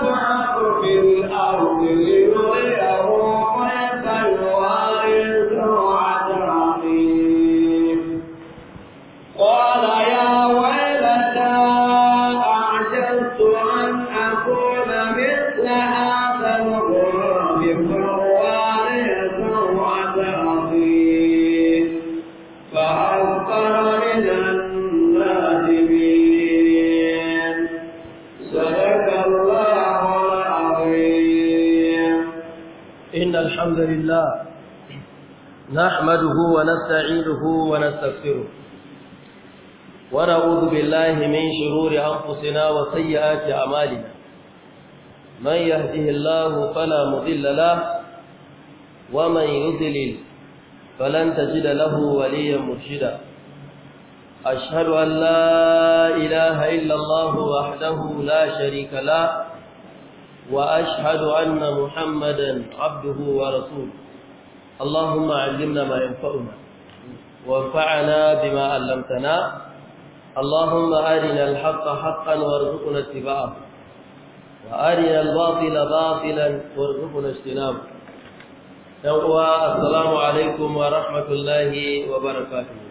نبعث في الأرض لنريه كيف يواري نحمده ونستعينه ونستغفره ونعوذ بالله من شرور أنفسنا وسيئات أعمالنا من يهده الله فلا مضل له ومن يضلل فلن تجد له وليا مرشدا أشهد أن لا إله إلا الله وحده لا شريك له وأشهد أن محمدا عبده ورسوله اللهم علمنا ما ينفعنا وانفعنا بما علمتنا اللهم أرنا الحق حقا وارزقنا اتباعه وأرنا الباطل باطلا وارزقنا اجتنابه يوم السلام عليكم ورحمة الله وبركاته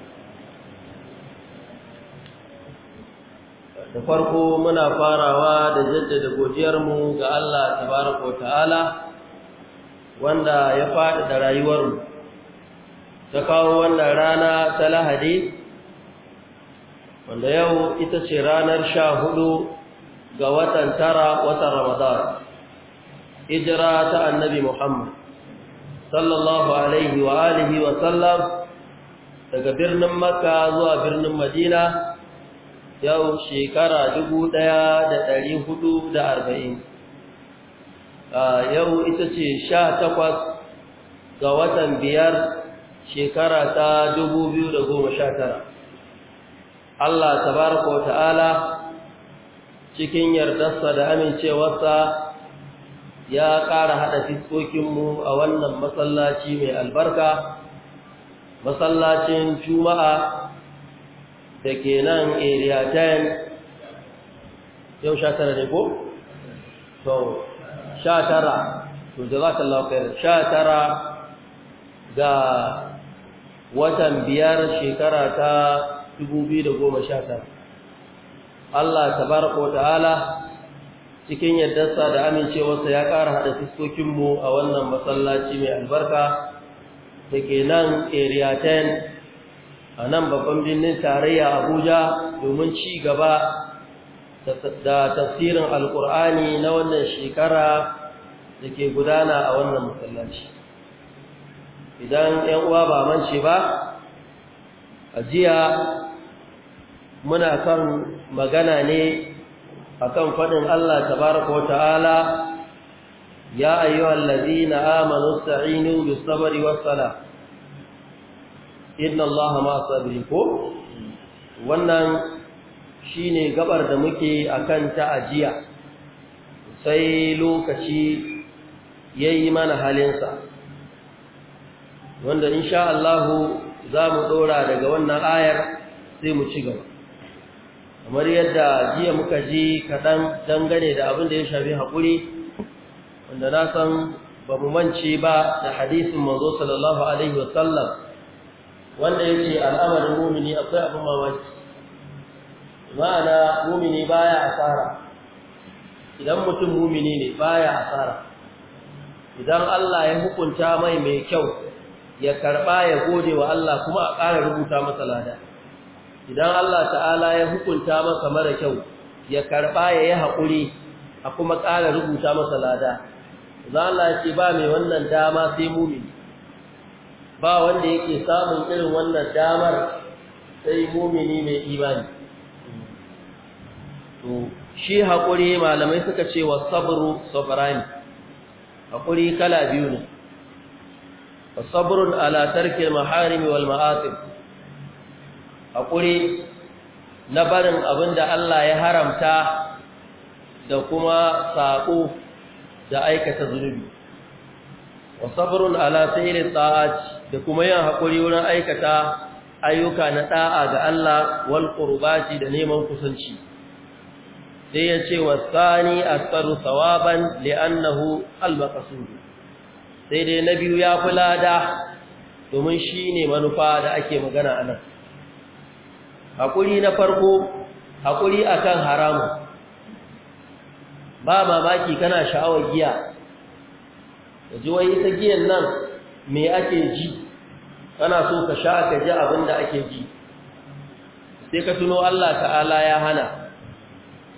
da farko muna farawa da jaddada godiyarmu ga Allah tabaraka wa ta'ala wanda ya faɗi da rayuwarmu ta kawo wannan rana ta lahadi wanda yau ita ce ranar sha hudu ga watan tara watan ramadan hijira ta annabi muhammad sallallahu alaihi wa alihi wa sallam daga birnin makka zuwa birnin madina yau shekara dubu ɗaya da da ɗari hudu arba'in. yau ita ce sha takwas ga watan biyar shekara ta dubu biyu da goma sha tara. Allah tabaraka wa ta'ala cikin yardarsa da amincewarsa ya ƙara haɗa fiskokinmu a wannan masallaci mai albarka masallacin juma'a da ke nan area 10 yau sha tara ne ko? tara to jazakallahu khairan tara ga watan biyar shekara ta 2019 Allah tabaraka wa ta'ala cikin yaddarsa da amincewarsa ya ƙara haɗa fiskokinmu a wannan masallaci mai albarka da ke nan area 10 a nan babban birnin tarayya abuja domin ci gaba da tafsirin alkur'ani na wannan shekara da ke gudana a wannan masallaci idan yan uwa ba mance ba a jiya muna kan magana ne akan faɗin Allah tabaraka ta'ala ya ayyuhal ladina amanu sta'inu bis sabri was sala inna Allaha ma sabirin ko wannan Shi ne gabar da muke a kan ta'ajiya, sai lokaci ya yi mana halinsa wanda insha Allah za mu tsora daga wannan ayar sai mu ci gaba kamar yadda jiya muka ji kaɗan dangane da abin da ya shafi haƙuri wanda na san ba mu mance ba da hadisin manzo sallallahu alaihi wasallam wanda ya ce al'amarin mumini akwai abin mamaki ma'ana mumini baya asara idan mutum mumini ne baya asara idan Allah ya hukunta mai mai kyau ya karba ya gode wa Allah kuma a ƙara rubuta masa lada idan Allah ta'ala ya hukunta masa mara kyau ya karba ya yi haƙuri a kuma ƙara rubuta masa lada za Allah ce ba mai wannan dama sai mumini ba wanda yake samun irin wannan damar sai mumini mai imani to shi hakuri malamai suka ce wa sabru sabrani haƙuri kala biyu ne wa sabrun ala tarkil maharimi wal ma'asib haƙuri na barin abin da Allah ya haramta da kuma saƙo da aikata zunubi wa sabrun ala sayri ta'at da kuma yin haƙuri wurin aikata ayyuka na ɗa'a ga Allah wal qurbati da neman kusanci sai ya ce a a thawaban li'annahu al-maqsud sai dai na biyu ya fi lada domin shine manufa da ake magana a nan. Haƙuri na farko hakuri akan haramun ba mamaki kana sha'awar giya ji wai ita giyan nan me ake ji kana so ka sha ka ji abin da ake ji sai ka tuno Allah ta'ala ya hana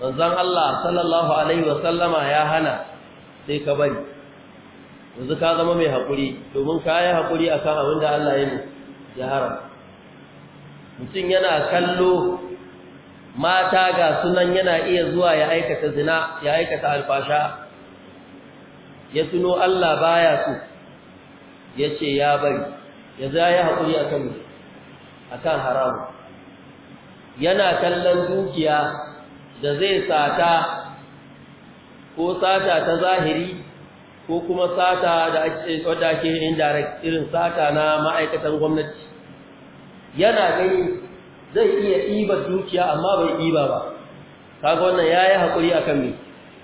manzon Allah sallallahu alaihi wasallama ya hana sai ka bari yanzu ka zama mai hakuri domin ka yi hakuri kan abin da Allah ya yi ya haram mutum yana kallo mata ga sunan yana iya zuwa ya aikata zina ya aikata alfasha ya tuno Allah baya so ya ce ya bari ya za ya haƙuri a kan haramu yana kallon dukiya da zai sata ko sata ta zahiri ko kuma sata da ake wadda ake indirect irin sata na ma'aikatan gwamnati yana gani zai iya ɗiba dukiya amma bai ɗiba ba kaga wannan yayi hakuri akan me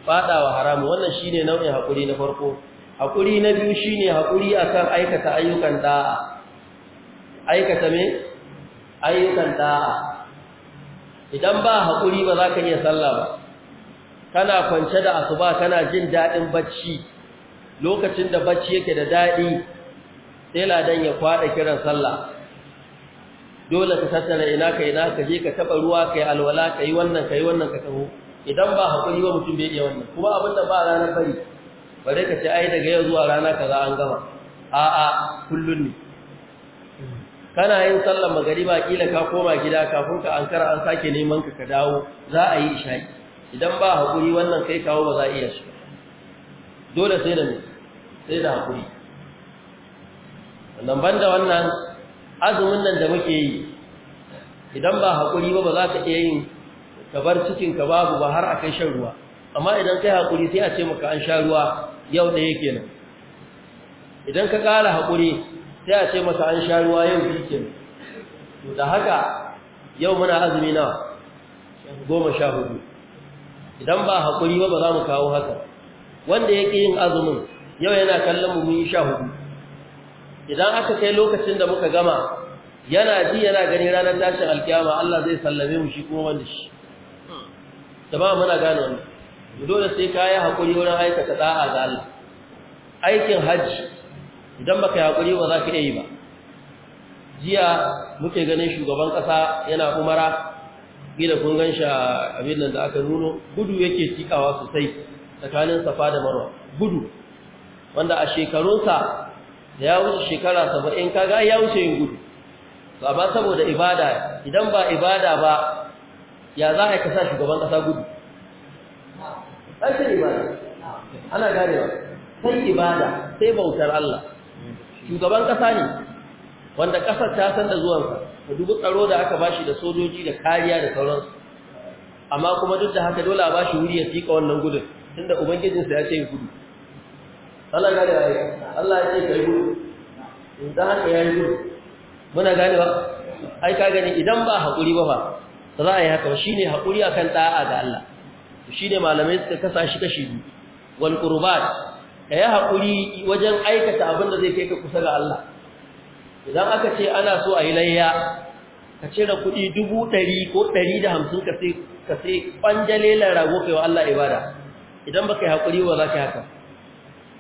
faɗawa haramu wannan shine nau'in hakuri na farko hakuri na biyu shine hakuri akan aikata ayyukan da'a aikata me ayyukan ɗa'a. idan ba hakuri ba za ka iya sallah ba kana kwance da asuba kana jin daɗin bacci lokacin da bacci yake da daɗi sai ladan ya kwaɗa kiran sallah dole ka tattara ina ka ina ka je ka taɓa ruwa ka yi alwala ka yi wannan ka yi wannan ka taho idan ba hakuri ba mutum bai iya wannan kuma abin da ba ranar bari bare ka ce ai daga yau zuwa rana kaza an gama a'a kullun ne kana yin sallar magariba kila ka koma gida kafin ka ankara an sake neman ka ka dawo za a yi isha'i idan ba hakuri wannan kai kawo ba za a iya shi dole sai da sai da hakuri nan banda wannan azumin nan da muke yi idan ba hakuri ba ba za ka iya yin ka bar cikin ka babu ba har akai shan ruwa amma idan kai hakuri sai a ce maka an sha ruwa yau da yake nan idan ka kara hakuri sai a ce masa an sha ruwa yau bikin da haka yau muna azumi na goma sha hudu idan ba haƙuri ba ba za mu kawo haka wanda yake yin azumin yau yana kallon mu yi sha hudu idan aka kai lokacin da muka gama yana ji yana gani ranar tashin alkiyama Allah zai sallame mu shi kuma wanda shi jama'a muna gane wannan dole sai ka yi haƙuri wurin aikata da'a ga Allah aikin hajji idan baka yi hakuri ba za ka iya yi ba jiya muke ganin shugaban kasa yana umara gida kun gan shi abin nan da aka nuno gudu yake tikawa sosai tsakanin safa da marwa gudu wanda a shekarunsa da ya wuce shekara saba'in kaga ya wuce yin gudu ba ba saboda ibada idan ba ibada ba ya za a kasa shugaban kasa gudu ɗanshin ibada ana ganewa sai ibada sai bautar Allah shugaban kasa ne wanda ƙasar ta san da zuwansa da dubu tsaro da aka bashi da sojoji da kariya da sauransu amma kuma duk da haka dole a bashi wuri ya tika wannan gudun tunda sa ya ce gudu Allah ya ga Allah ya ce kai gudu idan haka ya yi gudu muna gane ba ai ka gani idan ba haƙuri ba ba za a yi haka ba shine haƙuri akan da'a ga Allah shine malamai suka kasa shi kashi biyu wal qurbat ka yi haƙuri wajen aikata abin da zai kai ka kusa ga Allah idan aka ce ana so a yi layya ka cire kuɗi dubu ɗari ko ɗari da hamsin ka sai ƙwanjalelar rago kai wa Allah ibada idan ba ka yi haƙuri ba za ka haka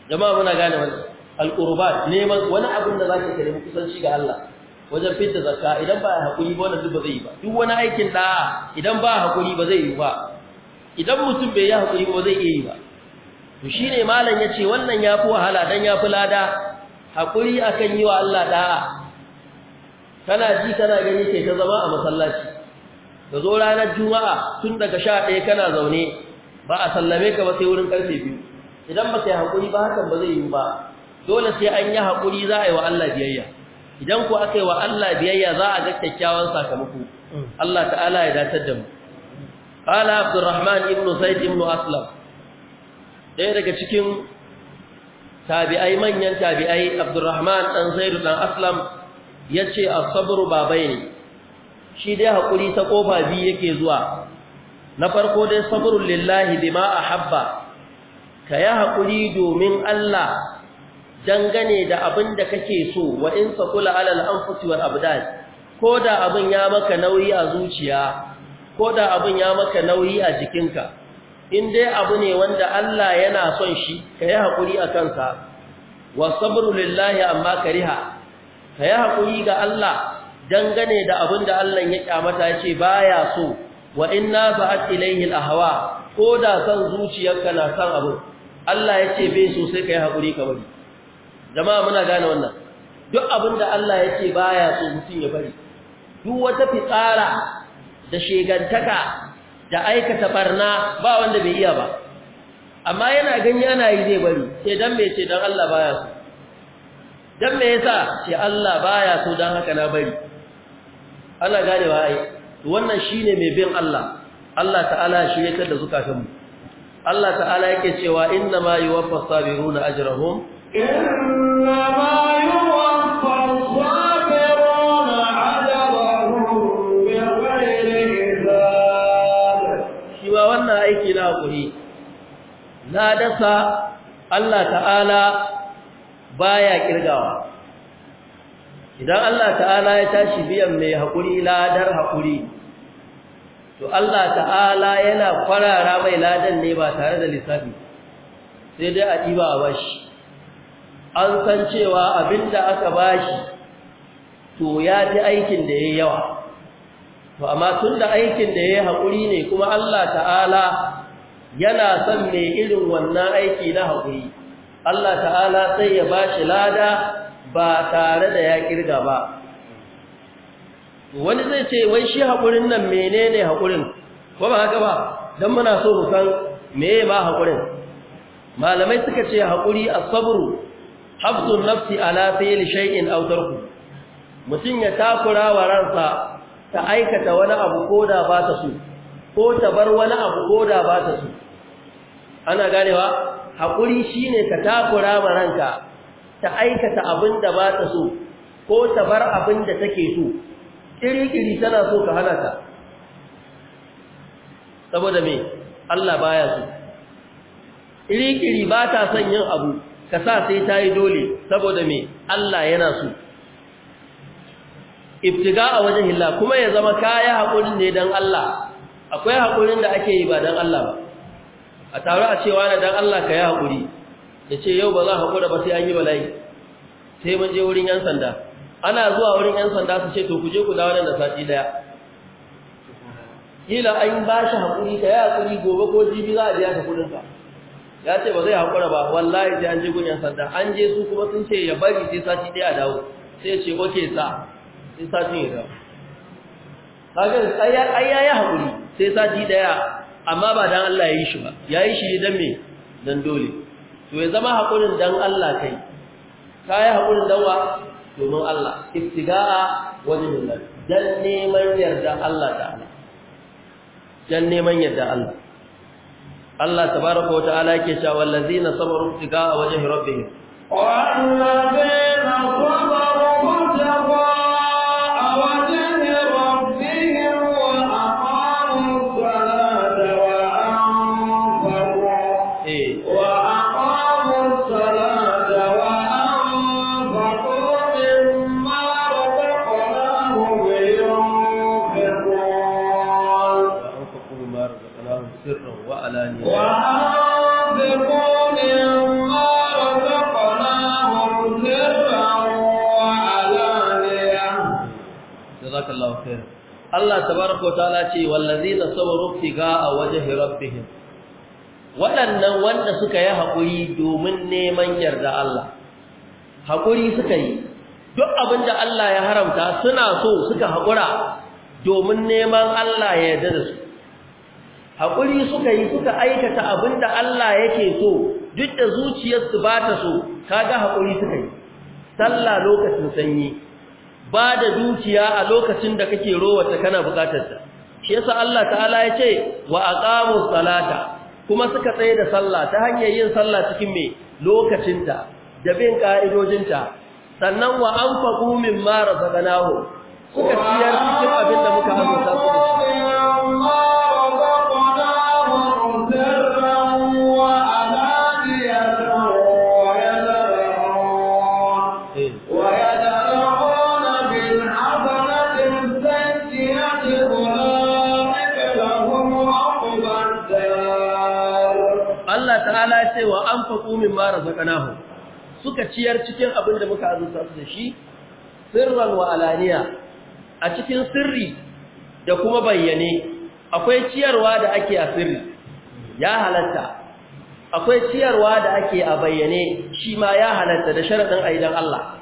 jama'a muna gane wani al'urba neman wani abin da za ka ka nemi kusanci ga Allah wajen fitta zakka idan ba haƙuri ba wani duk ba zai yi ba duk wani aikin ɗa'a idan ba haƙuri ba zai yi ba idan mutum bai yi haƙuri ba zai iya yi ba to shine malam ce wannan yafi wahala dan yafi lada hakuri akan yi wa Allah da'a kana ji kana gani kai ta zama a masallaci da zo ranar juma'a tun daga ɗaya kana zaune ba a sallame ka ba sai wurin karfe biyu. idan ba sai haƙuri ba hakan ba zai yi ba dole sai an yi hakuri za a yi wa Allah biyayya idan ko aka yi wa Allah biyayya za a ga kyakkyawan sakamako mm. Allah ta'ala ya datar da mu قال عبد الرحمن Said زيد Aslam. أسلم ɗaya daga cikin tabi'ai manyan tabi'ai abdurrahman ɗan zairu ɗan aslam ya ce a sabru babai ne shi dai haƙuri ta ƙofa biyu yake zuwa na farko dai sabrun lillahi ma a habba ka yi haƙuri domin allah dangane da abin da kake so wa in sakula alal fusiwar abu dai. ko da abin ya maka nauyi a zuciya ko da abin ya maka nauyi a jikinka in dai abu ne wanda Allah yana son shi ka yi haƙuri a kansa wa sabru lillahi amma kariha ka yi haƙuri ga Allah dangane da abin da Allah ya kyamata ya ce baya so wa inna ba'at ilayhi al-ahwa ko da san zuciyarka na san abin Allah ya ce bai so sai ka yi haƙuri ka bari jama'a muna gane wannan duk abin da Allah ya ce baya so mutum ya bari duk wata fitsara da shegantaka da aikata barna ba wanda bai iya ba amma yana ganin yana yi zai bari sai dan me ce dan Allah baya so dan me yasa sai Allah baya so dan haka na bari Allah gane wa ai wannan shine mai bin Allah Allah ta'ala ya kada da kan mu Allah ta'ala yake cewa inna ma yuwaffa sabiruna ajrahum inna ma ana aiki na hakuri na dasa Allah ta'ala baya kirgawa idan Allah ta'ala ya tashi biyan mai hakuri ladar hakuri to Allah ta'ala yana kwarara mai ladan ne ba tare da lissafi sai dai a diba a bashi an san cewa abinda aka bashi to ya ji aikin da yayi yawa to amma tun da aikin da ya yi haƙuri ne kuma Allah ta'ala yana son mai irin wannan aiki na hakuri Allah ta'ala sai ya bashi lada ba tare da ya ƙirga ba wani zai ce wai shi hakurin nan menene haƙurin ko ba haka ba don muna so mu san meye ba hakurin malamai suka ce haƙuri as-sabru hafzun nafsi ala fi'li shay'in aw tarku mutum ya takura wa ransa ta aikata wani abu ko da ba ta so ko ta bar wani abu ko da ba ta so ana ganewa hakuri shine ka takura ma ranka ta aikata abin da ba ta so ko ta bar abin da take so kirikiri tana so ka hana ta saboda me Allah baya so kirikiri ba ta son yin abu ka sa sai ta yi dole saboda me Allah yana so ibtiga a wajen Allah kuma ya zama kaya haƙurin ne don Allah akwai haƙurin da ake yi ba don Allah ba a taru a cewa da don Allah ka yi haƙuri ya ce yau ba za haƙura ba sai an yi bala'i sai mun je wurin 'yan sanda ana zuwa wurin 'yan sanda su ce to ku je ku dawo nan da sati daya kila an ba shi hakuri ka yi hakuri gobe ko jibi za a biya ka kudin ka ya ce ba zai hakura ba wallahi sai an je gun 'yan sanda an je su kuma sun ce ya bari sai sati daya a dawo sai ce oke sa sai satin ya dawo kaga ai ayya ya hakuri sai sati daya amma ba dan Allah ya yi shi ba ya yi shi dan me dan dole to ya zama haƙurin dan Allah kai ka yi haƙurin dan wa domin Allah ibtiga'a wajhin Allah dan neman yarda Allah ta'ala dan neman yarda Allah Allah tabaraka wa ta'ala yake cewa wallazina sabaru ibtiga'a wajhi rabbihim wallazina sabaru jazakallahu khair Allah tabaraka wa ta'ala ce wallazina sabaru tiga a wajhi rabbihim waɗannan wanda suka yi haƙuri domin neman yarda Allah haƙuri suka yi duk abinda Allah ya haramta suna so suka haƙura domin neman Allah ya yarda da su haƙuri suka yi suka aikata abinda Allah yake so duk da zuciyarsu ba ta so kaga haƙuri suka yi sallah lokacin sanyi ba da dukiya a lokacin da kake ta kana ta. shi yasa Allah ta'ala ya ce wa aqamu salata kuma suka tsaye da sallah ta hanyar yin sallah cikin me lokacinta da bin ka'idojinta sannan wa anfaqu mimma razaqnahu suka ciyar cikin abin da muka aminta. su anfaqu mimma razaqnahum suka ciyar cikin abin da muka azurta su da shi sirran wa alaniya a cikin sirri da kuma bayyane akwai ciyarwa da ake a sirri ya halatta akwai ciyarwa da ake a bayyane shi ma ya halatta da sharadin aidan Allah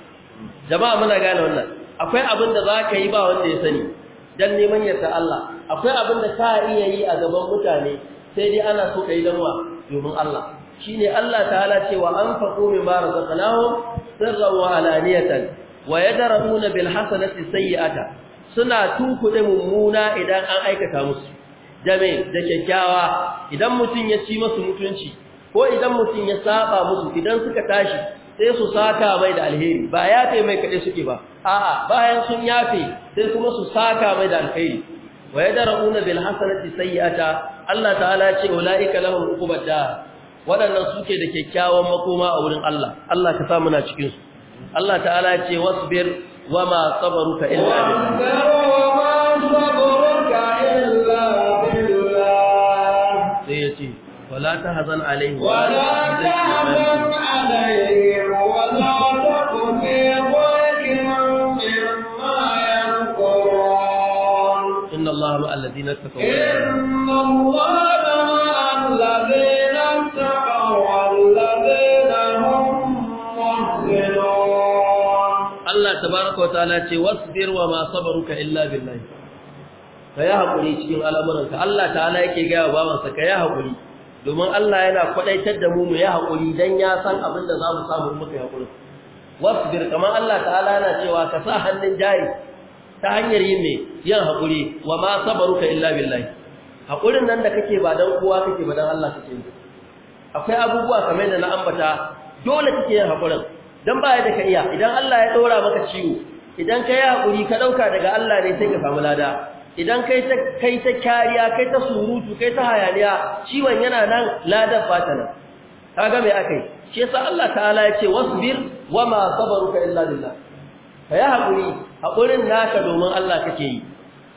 jama'a muna gane wannan akwai abin da zaka yi ba wanda ya sani dan neman yarda Allah akwai abin da ka iya yi a gaban mutane sai dai ana so kai danwa domin Allah shine Allah ta'ala ce wa anfaqu mimma razaqnahum sirran wa alaniyatan wa yadra'una bil hasanati sayyi'ata suna tunkuɗe mummuna idan an aikata musu da da kyakkyawa idan mutum ya ci masu mutunci ko idan mutum ya saba musu idan suka tashi sai su saka mai da alheri ba ya kai mai kade suke ba a'a bayan sun yafe sai kuma su saka mai da alheri wa yadrauna bil hasanati sayyi'ata Allah ta'ala ce ulaika lahum uqubad waɗannan suke da kyakkyawan makoma a wurin Allah Allah ka sa muna cikin su Allah ta'ala ce wasbir ma sabaruka illa billah sai ya ce wala ta tahzan alaihi wala tahzan alaihi wala taqum fi dhikrin mimma yanqurun inna allaha ma'al ladina taqaw inna allaha Allah tabaraka wataala ce wasbir wa ma sabruka illa billahi kai hakuri cikin al'amuranka Allah ta'ala yake ga "Ka kai hakuri domin Allah yana kwadaitar da mu mu yi hakuri dan ya san abin da zamu samu muka yi hakuri wasbir kamar Allah ta'ala yana cewa ka sa hannun jari ta hanyar yin me yin hakuri wa ma sabruka illa billahi hakurin nan da kake ba dan kowa kake ba dan Allah kake akwai abubuwa kamar da na ambata dole kake yin hakurin dan ba ya ka iya idan Allah ya ɗora maka ciwo idan ka hakuri ka ɗauka daga Allah ne sai ka samu lada idan kai ta kai ta kariya kai ta surutu kai ta hayaniya ciwon yana nan ladan fata nan kaga me akai shi yasa Allah ta'ala ya ce wasbir wama sabaruka illa billah kai hakuri hakurin naka domin Allah kake yi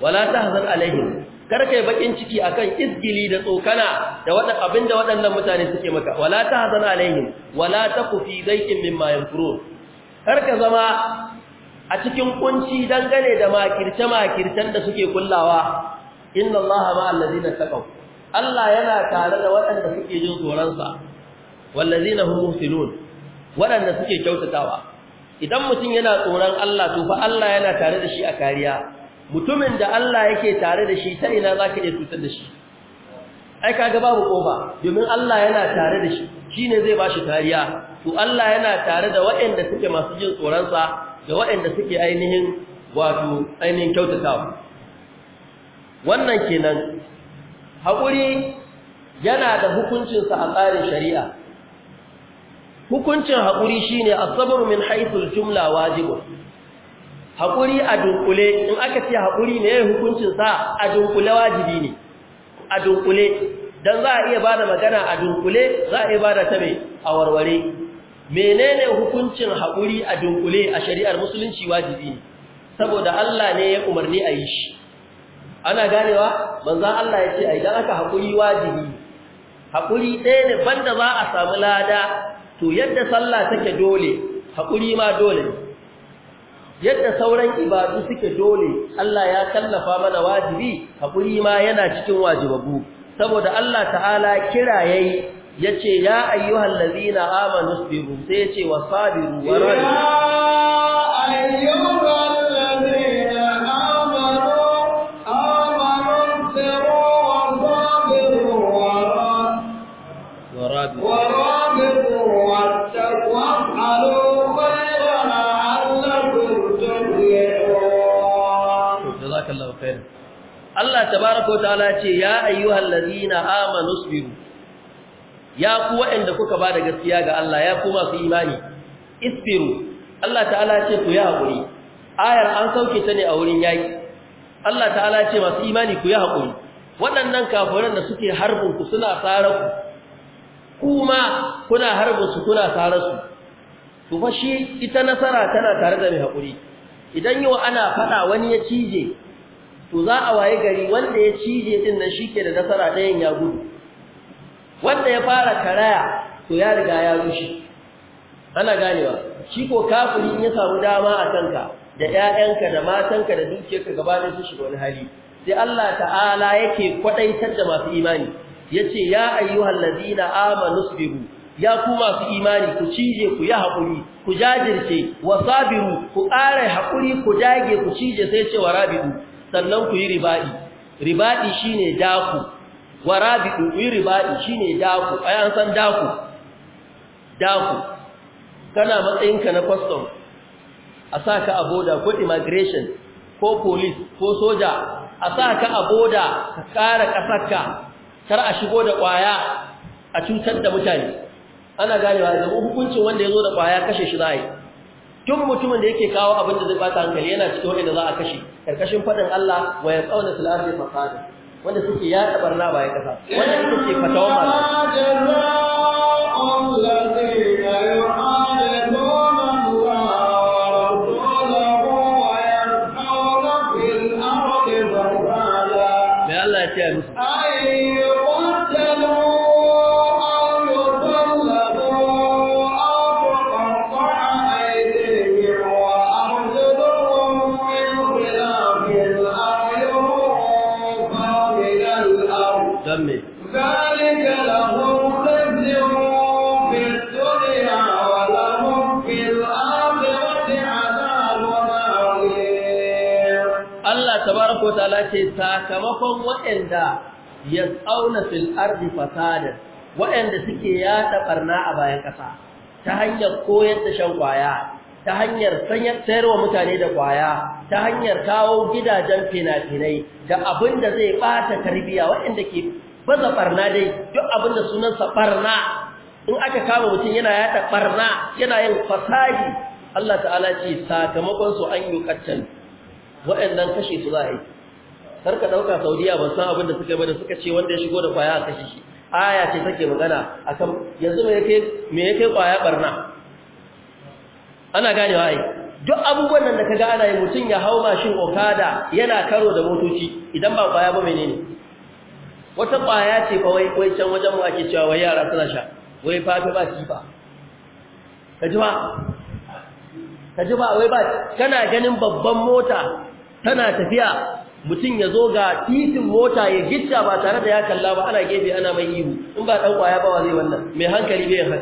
wala tahzan alaihim karkai bakin ciki akan izgili da tsokana da wadan abinda waɗannan mutane suke maka wala ta tahzan alaihim wala taku fi dhaikin mimma Kar ka zama a cikin kunci dangane da makirce makirtan da suke kullawa inna allaha ma'al ladina taqaw Allah yana tare da waɗanda suke jin tsoron sa wallazina hum muhsinun waɗanda suke kyautatawa idan mutum yana tsoron Allah to fa Allah yana tare da shi a kariya mutumin da Allah yake tare da shi ta ina za ka iya cutar da shi ai kaga babu ƙofa domin Allah yana tare da shi shi ne zai ba shi tariya. to Allah yana tare da waɗanda suke masu jin tsoronsa, da waɗanda suke ainihin wato ainihin kyautatawa wannan kenan haƙuri yana da hukuncinsa a tsarin shari'a hukuncin haƙuri shine as min haythu jumla wajibun haƙuri a dunkule in aka ce haƙuri ne hukuncin sa a dunkule wajibi ne a dunkule dan za a iya bada magana a dunkule za a iya bada ta mai a warware menene hukuncin haƙuri a dunkule a shari'ar musulunci wajibi ne saboda Allah ne ya umarni a yi shi ana ganewa manzo Allah ya ce idan aka haƙuri wajibi haƙuri ɗaya ne banda za a samu lada to yadda sallah take dole haƙuri ma dole ne yadda sauran ibadu suke dole Allah ya tallafa mana wajibi hakuri ma yana cikin wajibabu saboda Allah ta'ala kira yayi yace ya ayyuhallazina amanu sabiru sai yace wasabiru warabitu Allah tabaraka wataala ce ya amanu sabiru ya ku waɗanda kuka ba da gaskiya ga Allah ya ku masu imani isbiru Allah ta'ala ce ku ya hakuri. ayar an sauke ta ne a wurin yayi Allah ta'ala ce masu imani ku ya hakuri. waɗannan kafiran da suke harbin ku suna tsara ku kuma kuna harbin su kuna tsara su to fa shi ita nasara tana tare da mai hakuri. idan yau ana faɗa wani ya cije to za a waye gari wanda ya cije din nan shike da nasara ɗayan ya gudu wanda ya fara karaya to ya riga ya rushe ana ganewa shi ko kafiri in ya samu dama a kanka da ƴaƴanka da matanka da dukiyarka gaba da shi shiga wani hali sai Allah ta'ala yake kwadaitar da masu imani yace ya ayyuhal ladina amanu sabiru ya ku masu imani ku cije ku yi hakuri, ku jajirce wa sabiru ku ƙara hakuri ku dage ku cije sai ce wa rabi'u sannan ku yi riba'i riba'i shine daku wa rabi'u yi riba'i shine daku ai an san daku daku kana matsayinka na custom a sa ka a boda ko immigration ko police ko soja a sa ka a boda ka kara kasarka kar a shigo da kwaya a cutar da mutane ana ganewa da hukuncin wanda ya zo da kwaya kashe shi za yi duk mutumin da yake kawo abin da zai bata hankali yana cikin da za a kashe karkashin faɗin Allah wa yaqawna fil ardi fasada wanda suke ya tabarna ba ya kasa wanda suke fatawa malamai sakamakon waɗanda ya tsauna fil ardi fasadin waɗanda suke yaɗa ɓarna a bayan ƙasa ta hanyar koyar da shan ƙwaya ta hanyar sayarwa mutane da ƙwaya ta hanyar kawo gidajen fina-finai da abin da zai ɓata tarbiyya waɗanda ke baza ɓarna dai duk abin da sunansa ɓarna in aka kama mutum yana yaɗa ɓarna yana yin fasadi Allah ta'ala ce sakamakonsu an yi waɗannan kashe su za a yi ka dauka saudiya ban san abin da suka bada suka ce wanda ya shigo da kwaya a kashe shi aya ce take magana akan yanzu me yake me yake kwaya barna ana gane wai duk abubuwan nan da kaga ana yi mutun ya hau mashin okada yana karo da motoci idan ba kwaya ba menene wata kwaya ce fa wai wai can wajen mu ake cewa wai yara suna sha wai fa fa ba kifa kaji ba kaji ba wai ba kana ganin babban mota tana tafiya mutum ya zo ga titin mota ya gicca ba tare da ya kalla ba ana gefe ana mai ihu in ba dan kwaya ba wa zai wannan mai hankali bai haka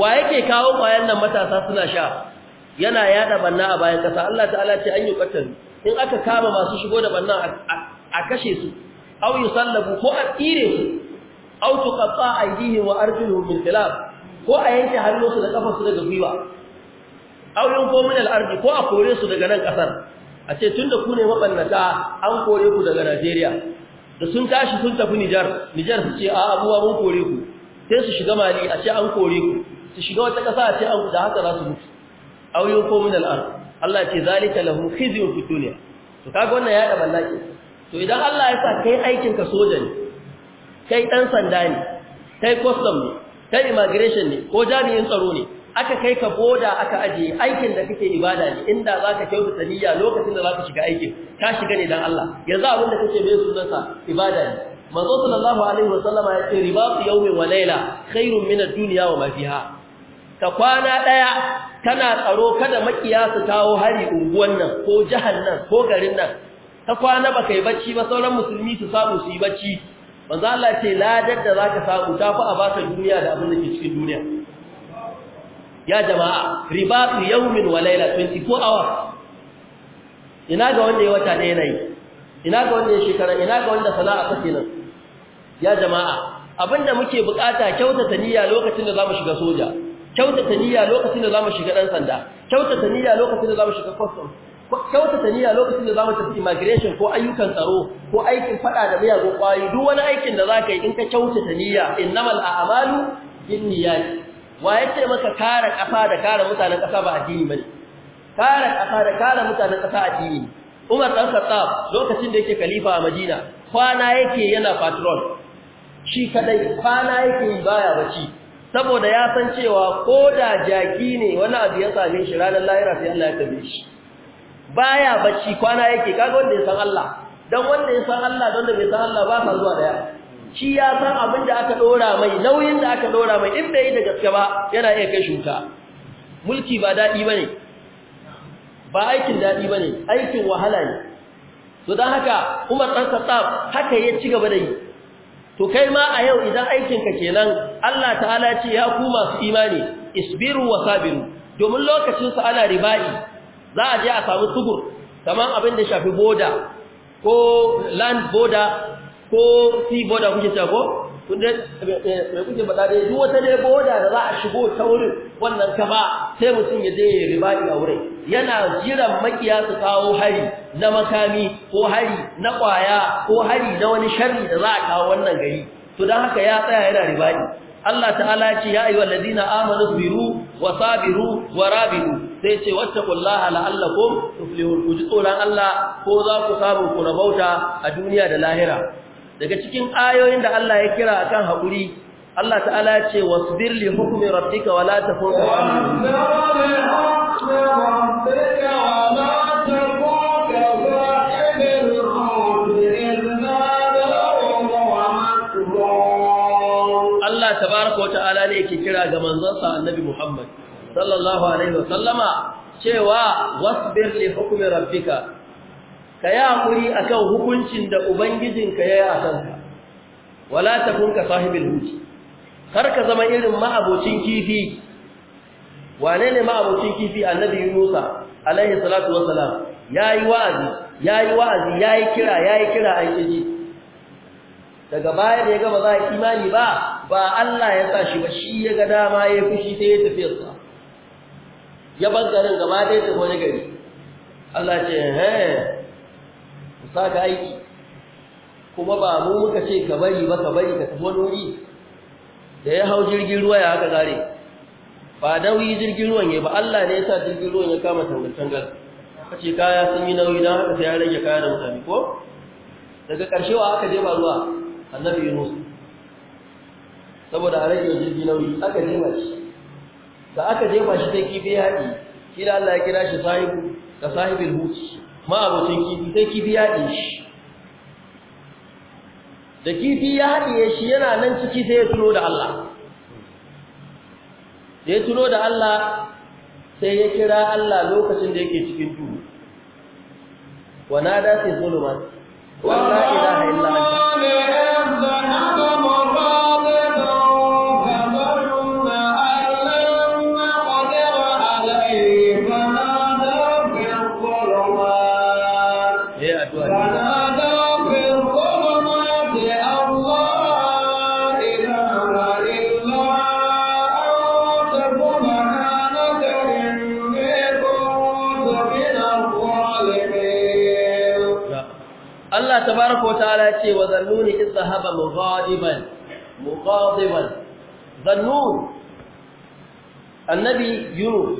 wa yake kawo kwayan nan matasa suna sha yana yada banna a bayan kasa Allah ta'ala ce an yi in aka kama masu shigo da banna a kashe su aw yusallabu ko a tsire su aw tuqatta aydihi wa arjuluhum bil khilaf ko a yanke hannunsu da kafarsu daga gwiwa aw yunqu min al ardi ko a kore su daga nan kasar a ce tun da ku ne mabannata an kore ku daga Najeriya da sun tashi sun tafi Nijar Nijar su ce a abuwa mun kore ku sai su shiga Mali a ce an kore ku su shiga wata ƙasa a ce an da haka za su mutu aw ko min al-ard Allah ce zalika lahum khizyun fi dunya to kaga wannan ya da ballaki to idan Allah ya sa kai aikin ka soja ne kai dan sanda ne kai custom ne kai immigration ne ko jami'in tsaro ne aka kai ka boda aka ajiye aikin da kake ibada ne inda za ka kyautata niyya lokacin da za ka shiga aikin ka shiga ne dan Allah yanzu abin da kake mai sunansa ibada ne manzo sallallahu alaihi wasallama ya ce ribatu yawmi wa layla khairun min ad-dunya wa ma fiha ka kwana daya kana tsaro kada makiya su kawo hari unguwan nan ko jahan nan ko garin nan ka kwana baka yi bacci ba sauran musulmi su samu su yi bacci manzo Allah ce ladar da zaka samu tafi a baka duniya da abin da ke cikin duniya ya jama'a riba yawmin wa layla 24 hours ina ga wanda ya wata ɗaya yi? ina ga wanda ya shekara ina ga wanda sana'a ta kenan ya jama'a abinda muke bukata kyautata niyya lokacin da zamu shiga soja kyautata niyya lokacin da zamu shiga dan sanda kyautata niyya lokacin da zamu shiga custom kyautata niyya lokacin da zamu tafi immigration ko ayyukan tsaro ko aikin fada da miyagun kwayoyi duk wani aikin da zaka yi in ka kyautata niyya innamal a'malu binniyati wa ya ce maka kare kafa da kare mutanen kasa ba addini bane kare kafa da kare mutanen kasa addini Umar dan Khattab lokacin da yake khalifa a Madina kwana yake yana patron shi kadai kwana yake baya bacci saboda ya san cewa ko da jaki ne wani abu ya same shi ranar lahira sai Allah ya tabe shi baya bacci kwana yake kaga wanda ya san Allah dan wanda ya san Allah don da bai san Allah ba sa zuwa daya shi ya san abin da aka dora mai nauyin da aka dora mai in bai yi da gaske ba yana iya kai shuka mulki ba dadi bane ba aikin dadi bane aikin wahala ne to dan haka Umar dan Khattab haka ya ci gaba da yi to kai ma a yau idan aikin ka kenan Allah ta'ala ya ce ya ku masu imani isbiru wa sabiru domin lokacin ana ribai za a je a samu sugur kamar abin da shafi boda ko land boda ko si boda kuke cewa ko kun da me kuke faɗa dai duk wata dai boda da za a shigo ta wurin wannan kaba sai mutum ya je ya ribaɗi a wurin yana jiran makiya su kawo hari na makami ko hari na kwaya ko hari na wani sharri da za a kawo wannan gari to dan haka ya tsaya yana ribaɗi Allah ta'ala ya ce ya ayyuhal ladina amanu biru wa sabiru wa rabiru sai ce wattaqullaha la'allakum tuflihun ku ji tsoron Allah ko za ku samu ku rabauta a duniya da lahira daga cikin ayoyin da Allah ya kira akan haƙuri Allah ta'ala ya ce wasbir li hukmi rabbika wa la takun Allah tabaraka wa ta'ala ne ke kira ga manzansa Annabi Muhammad sallallahu alaihi wa sallama cewa wasu birli hukmi rafika. ka yi haƙuri a kan hukuncin da ubangijinka ya yi a kanka wala ta kunka sahibin huti kar ka zama irin ma'abocin kifi wane ne ma'abocin kifi annabi Musa, alaihi salatu salam, ya yi wa'azi ya yi wa'azi ya yi kira ya yi kira an ƙiji daga baya da ya gaba za a imani ba ba Allah ya sa shi ba shi ya ga dama ya fushi sai ya tafiyarsa ya garin gaba ɗaya tafi wani gari Allah ce he za ka aiki kuma ba mu muka ce ka bari ba ka bari ka tafi wani da ya hau jirgin ruwa ya haka gare ba nauyi jirgin ruwan ya ba Allah ne ya sa jirgin ruwan ya kama tangal-tangal ka ce kaya sun yi nauyi don haka sai ya rage kaya da mutane ko daga ƙarshe wa aka jefa ruwa annabi yunus saboda a rage jirgin nauyi aka ba shi da aka jefa shi sai kifi ya haɗi kila Allah ya kira shi sahibu da sahibin hutu." ma'abocin kifi sai kifi ya haɗe shi da kifi ya haɗe shi yana nan ciki sai ya tuno da Allah da ya tuno da Allah sai ya kira Allah lokacin da yake cikin tuno wa na fi zulumat wa la a illa anta ce wa zannuni in zahaba mughadiban mughadiban zannun annabi yuru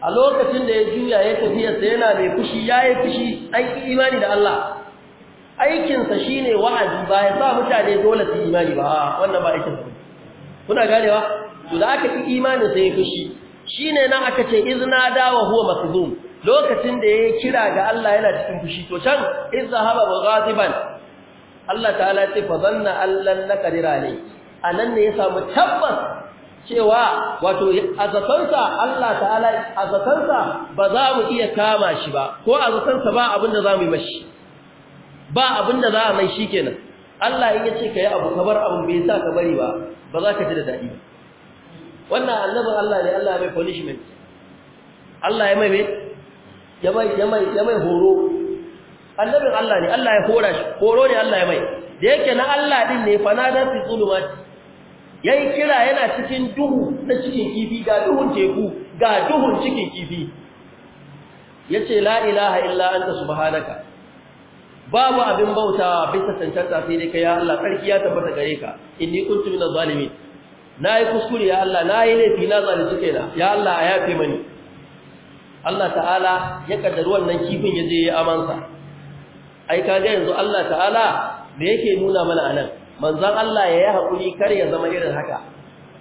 a lokacin da ya juya ya tafiya sai yana mai fushi yi fushi ai imani da Allah aikinsa shine wa'azi ba ya sa mutane dole su imani ba wannan ba sa kuna ganewa to da aka ki imanin sai ya fushi shine nan aka ce izna dawa huwa makzum lokacin da ya kira ga Allah yana cikin fushi to can izahaba ghadiban Allah ta'ala ce fa zanna allan naqdira alai anan ne ya samu tabbas cewa wato azatansa Allah ta'ala azatansa ba za mu iya kama shi ba ko azatansa ba abinda za mu yi mashi ba abinda za a mai shi kenan Allah in ya ce ka yi abu kabar abin bai sa ka bari ba ba za ka ji da daɗi wannan annabin Allah ne Allah ya mai punishment Allah ya mai ya mai ya mai horo annabin Allah ne Allah ya hora shi horo ne Allah ya mai da yake na Allah din ne fa nadan fi zulumat yayi kira yana cikin duhu na cikin kifi ga duhun teku ga duhun cikin kifi yace la ilaha illa anta subhanaka babu abin bauta bisa cancanta sai dai kai ya Allah sarki ya tabbata gare ka inni kuntu minaz zalimin nayi kuskure ya Allah nayi fi na zalunci da, ya Allah a yafe mani Allah ta'ala ya kaddar wannan kifin yaje ya amansa ai kaga yanzu Allah ta'ala da yake nuna mana anan manzon Allah ya yi hakuri kar ya zama irin haka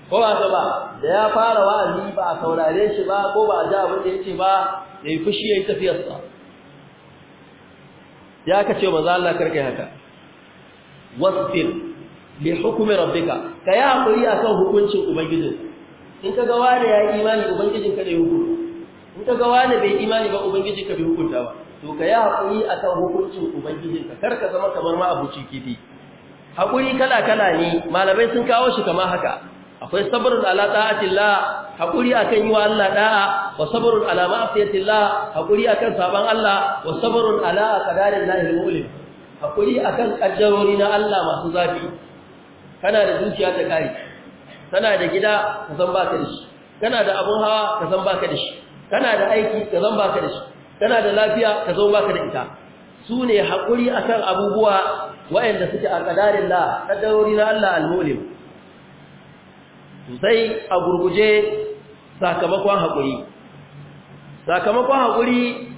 ko ba ba da ya fara wa'azi ba a saurare shi ba ko ba a ji abin da yake ba yayi fushi yayi tafiyarsa ya kace manzon Allah kar kai haka wasfir bi hukmi rabbika ka ya hakuri akan hukuncin ubangijin in kaga wani ya yi imani ubangijin ka ne hukunta in kaga wani bai imani ba ubangijin ka bai hukunta ba to ka yi haƙuri a kan hukuncin ubangijinka kar ka zama kamar ma'abucin kifi haƙuri kala-kala ne malamai sun kawo shi kama haka akwai sabrun ala ta'atillah haƙuri akan yi wa Allah ɗa'a, wa sabrun ala ma'asiyatillah haƙuri akan saban Allah wa sabrun ala qadarin lahil mulim haƙuri akan kaddarori na Allah masu zafi kana da zuciya ta ƙari? kana da gida ka san baka da shi kana da abun hawa ka san baka da shi kana da aiki ka zan baka da shi Tana da lafiya ka zo baka da ita su ne haƙuri akan abubuwa wa'anda suke a ƙadarin la ƙadarori na Allah al-mulim sai a gurguje sakamakon haƙuri sakamakon haƙuri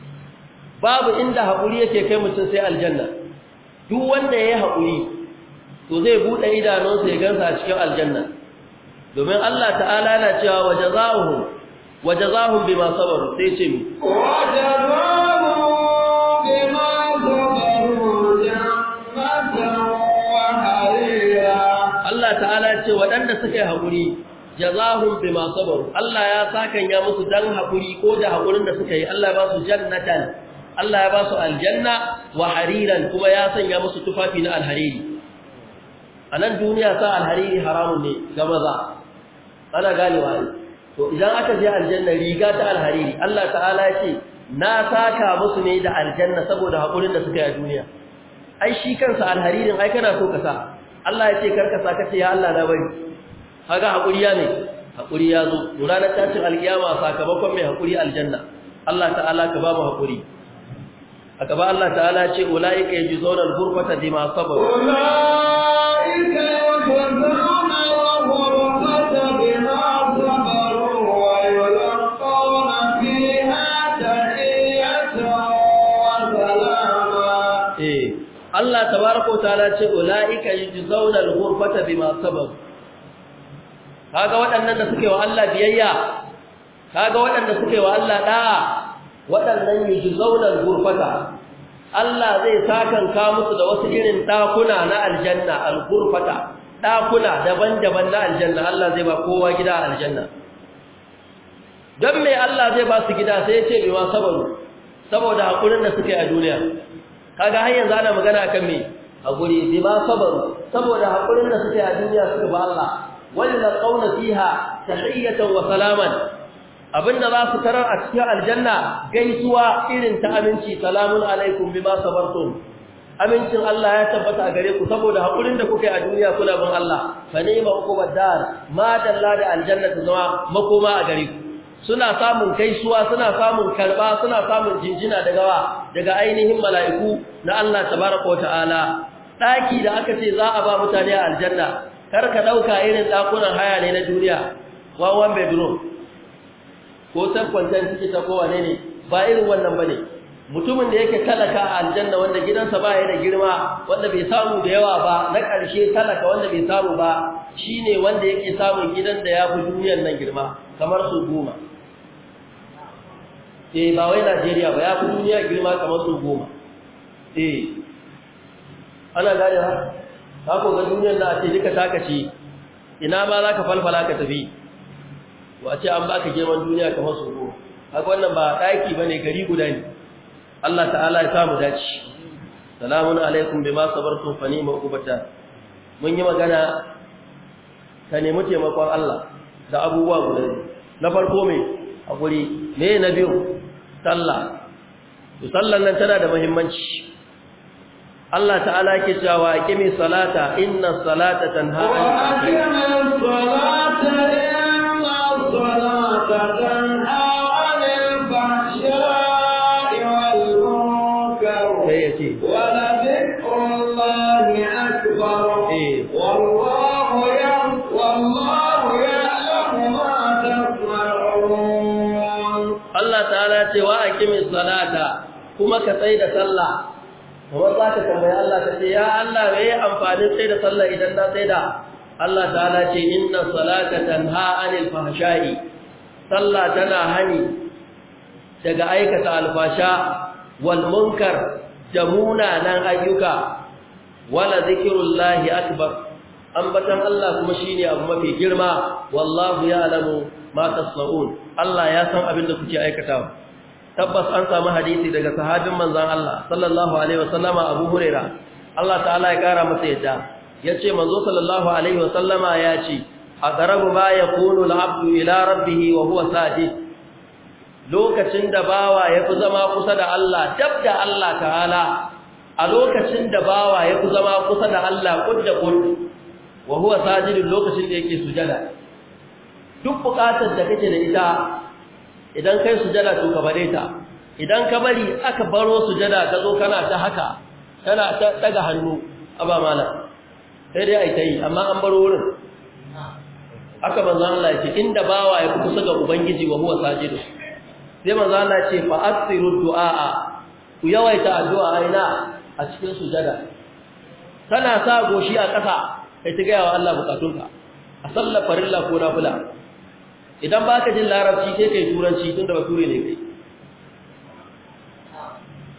babu inda haƙuri yake kai mutum sai aljanna duk wanda ya yi haƙuri to zai buɗe idanunsa ya gansa a cikin aljanna domin Allah ta'ala yana cewa waje za'uhu wajazahum bima sabaru sai ce mi wajazahum bima sabaru Allah ta'ala ce waɗanda suka yi haƙuri jazahum bima sabaru Allah ya sakan ya musu dan haƙuri ko da haƙurin da suka yi Allah ba su jannatan Allah ya ba su aljanna wa hariran kuma ya sanya musu tufafi na alhariri a nan duniya sa alhariri haramun ne ga maza ana ganewa ne to idan aka je aljanna riga ta alhariri Allah ta'ala ya ce na saka musu ne da aljanna saboda haƙurin da suka yi a duniya ai shi kansa alharirin ai kana so ka sa Allah ya ce karka sa kace ya Allah na bari kaga hakuri ya ne haƙuri ya zo to ranar tashin alkiyama sakamakon mai haƙuri aljanna Allah ta'ala ka babu hakuri haƙuri a gaba Allah ta'ala ce ulaika yajzuna al-ghurfata bima sabaru ulaika yajzuna tabaraka ta'ala ce ulaika yujzauna al-ghurfata bima sabab kaga waɗannan da suke wa Allah biyayya kaga waɗanda suke wa Allah da waɗannan yujzauna al-ghurfata Allah zai sakanka musu da wasu irin dakuna na aljanna al-ghurfata dakuna daban-daban na aljanna Allah zai ba kowa gida a aljanna don mai Allah zai ba su gida sai ya ce bima sabaru saboda hakurin da suka yi a duniya kaga har yanzu ana magana akan me a guri bima sabaru saboda hakurin da suka a duniya suka ba Allah walla qauna fiha tahiyatan wa salaman abinda za su tarar a cikin aljanna gaisuwa irin ta aminci salamun alaikum bima sabartum amincin Allah ya tabbata a gare ku saboda hakurin da kuka yi a duniya kuna bin Allah fa ni'ma uqubad dar ma dalla da aljanna ta zama makoma a gare ku suna samun gaisuwa suna samun karba suna samun jinjina daga wa daga ainihin mala'iku na Allah tabaraka Ta'ala. daki da aka ce za a ba mutane a aljanna kar ka dauka irin dakunan haya ne na duniya Wawan one bedroom ko ta kwantan ciki ta kowane ne ne ba irin wannan bane mutumin da yake talaka a aljanna wanda gidansa ba ya da girma wanda bai samu da yawa ba na ƙarshe talaka wanda bai samu ba shine wanda yake samun gidan da ya fi duniyar nan girma kamar su goma eh ba wai Najeriya ba ya fi duniya girma kamar su goma eh ana gane ha ka ko ga duniyar da ake duka taka ce ina ma za ka falfala ka tafi wa ce an baka girman duniya kamar su ko haka wannan ba daki bane gari guda ne Allah ta'ala ya samu dace salamun alaikum bima sabartum fa ni'ma ma'ubata. mun yi magana ka nemi taimakon Allah da abubuwa guda na farko me hakuri me na biyu sallah to sallan nan tana da muhimmanci Allah ta'ala ke cewa kimi salata inna salata tanha anil salata inna salata tanha anil fahsha'i wal munkar eh, wa la dhikrullahi akbar eh. wallahu ya'lamu ma tasma'un Allah ta'ala ce wa kimi salata kuma ka tsaya da sallah kuma za ka tambayi Allah ta ce ya Allah me ya amfani sai da sallah idan na sai da Allah ta'ala ce inna salata tanha anil fahsha'i sallah tana hani daga aikata alfasha wal munkar da munanan ayyuka wala zikrullahi akbar ambatan Allah kuma shine abu mafi girma wallahu ya'lamu ma tasna'un Allah ya san abin da kuke aikatawa tabbas an samu hadisi daga sahabin manzon Allah sallallahu alaihi wasallama Abu Huraira Allah ta'ala ya kara masa yadda manzo sallallahu alaihi wasallama ya ce aqrabu ba yakunu al-abdu ila rabbih wa huwa lokacin da bawa ya fi zama kusa da Allah dab da Allah ta'ala a lokacin da bawa ya fi zama kusa da Allah kudda kudda wa huwa sajidun lokacin da yake sujada duk bukatar da kake da ita idan kai sujada to ka bare ta idan ka bari aka baro sujada ta zo kana ta haka kana ta daga hannu aba mala sai dai ai tai amma an baro wurin aka manzo Allah ya ce inda bawa ya kusa ga ubangiji wa huwa sajidu sai manzo Allah ya ce fa asiru du'a ku yawaita addu'a aina a cikin sujada kana sa goshi a kasa kai ta ga wa Allah bukatunka a sallar farilla ko nafila idan ba ka jin larabci sai ka yi turanci tun da bature ne kai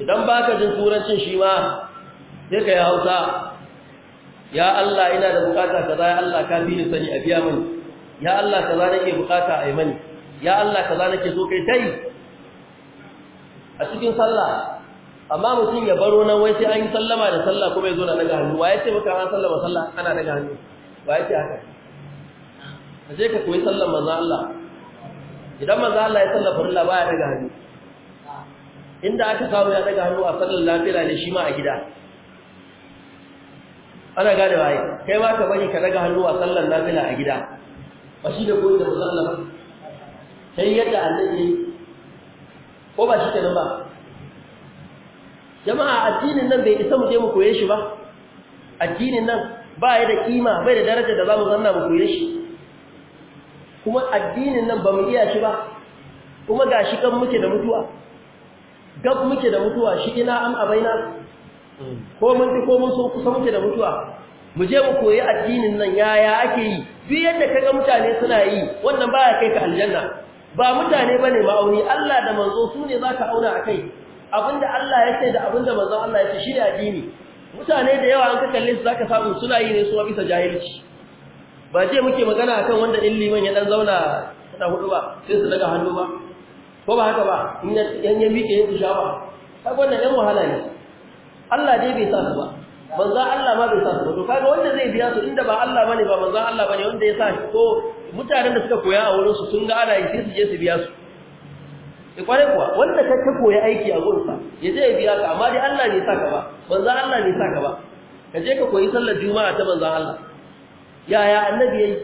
idan ba ka jin turancin shi ma sai ka yi hausa ya Allah ina da bukata za, ya Allah ka bi ni sani a biya mani ya Allah ka na nake bukata a yi mani ya Allah ka na nake so kai tai a cikin sallah amma mutum ya baro nan wai sai an yi sallama da sallah kuma ya zo na daga hannu wa ya ce maka an sallama sallah ana daga hannu wa ya ce haka ka je ka koyi sallar manzo Allah idan manzo Allah ya sallar farilla baya daga hannu inda aka samu ya daga hannu a sallar lafiya ne shi ma a gida ana gane waye kai ma ka bari ka daga hannu a sallar lafiya a gida ba shi da koyi da sallar ba sai yadda Allah ya ko ba shi kenan ba jama'a addinin nan bai isa mu je mu koye shi ba addinin nan ba ya da kima bai da daraja da za mu zanna mu koye shi kuma addinin nan ba mu iya shi ba kuma ga shi kan muke da mutuwa gab muke da mutuwa shi ina am abaina ko mun ti ko mun so kusa muke da mutuwa mu je mu koyi addinin nan yaya ake yi duk yadda kaga mutane suna yi wannan baya kai ka aljanna ba mutane bane ma'auni Allah da manzo su ne zaka auna akai abinda Allah ya ce da abinda manzo Allah ya ce shi da addini mutane da yawa an ka kalle su zaka samu suna yi ne su bisa jahilci ba ce muke magana kan wanda ɗin liman ya ɗan zauna ta hudu ba sai su daga hannu ba ko ba haka ba in yan ya miƙe su sha ba ta gwanda yan wahala ne Allah dai bai sa su ba za Allah ma bai sa su ba to kaga wanda zai biya su inda ba Allah ne ba za Allah ba ne wanda ya sa shi ko mutanen da suka koya a wurinsu sun ga ana yi sai su je su biya su ya eh, kwarai kuwa wanda ka ta koya aiki a gunsa ya je ya biya ka amma dai Allah ne saka ba za Allah ne saka ba ka je ka koyi sallar juma'a ta za Allah yaya annabi yayi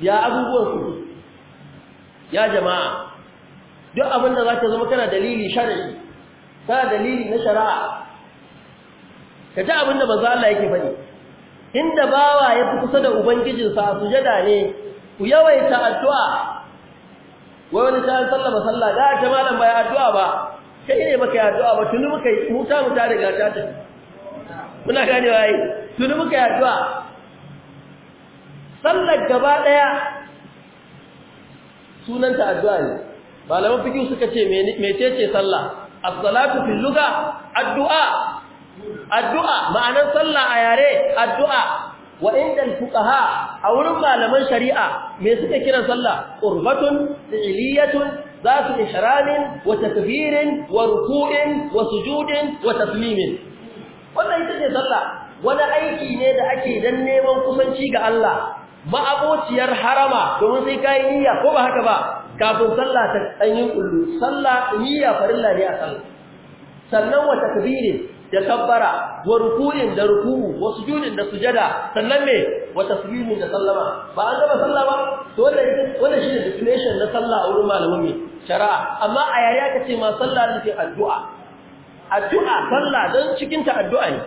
ya abubuwan su ya jama'a duk abin da zaka zama kana dalili shar'i kana dalili na shari'a ka ji abin da manzo Allah yake faɗi inda bawa ya fi kusa da ubangijinsa a sujada ne ku yawaita addu'a wai wani ta sallama sallah da ta malam bai addu'a ba kai ne maka addu'a ba tuni muka yi muta muta daga ta ta muna ganewa yi tuni muka yi addu'a sallar gaba ɗaya sunanta addu'a ne malaman fikin suka ce mecece sallah as-salatu fil addu'a addu'a ma'anar sallah a yare addu'a wa indal a wurin malaman shari'a me suka kiran sallah qurbatun fi'liyatun wa إحرام wa وركوع wa وتسليم wannan ita ce sallah wani aiki ne da ake dan neman kusanci ga Allah ma'abociyar harama domin sai kai niyya ko ba haka ba kafin sallah ta tsanyin kullu sallah niyya farilla ne a sallah sannan wa takbiri da kabbara wa ruku'in da ruku'u wa sujudin da sujada sannan me wa taslimin da sallama ba an gaba sallah ba to wannan wannan shine definition na sallah a wurin malamin ne shari'a amma a yaya aka ce ma sallah ne ke addu'a addu'a sallah dan cikin ta addu'a ne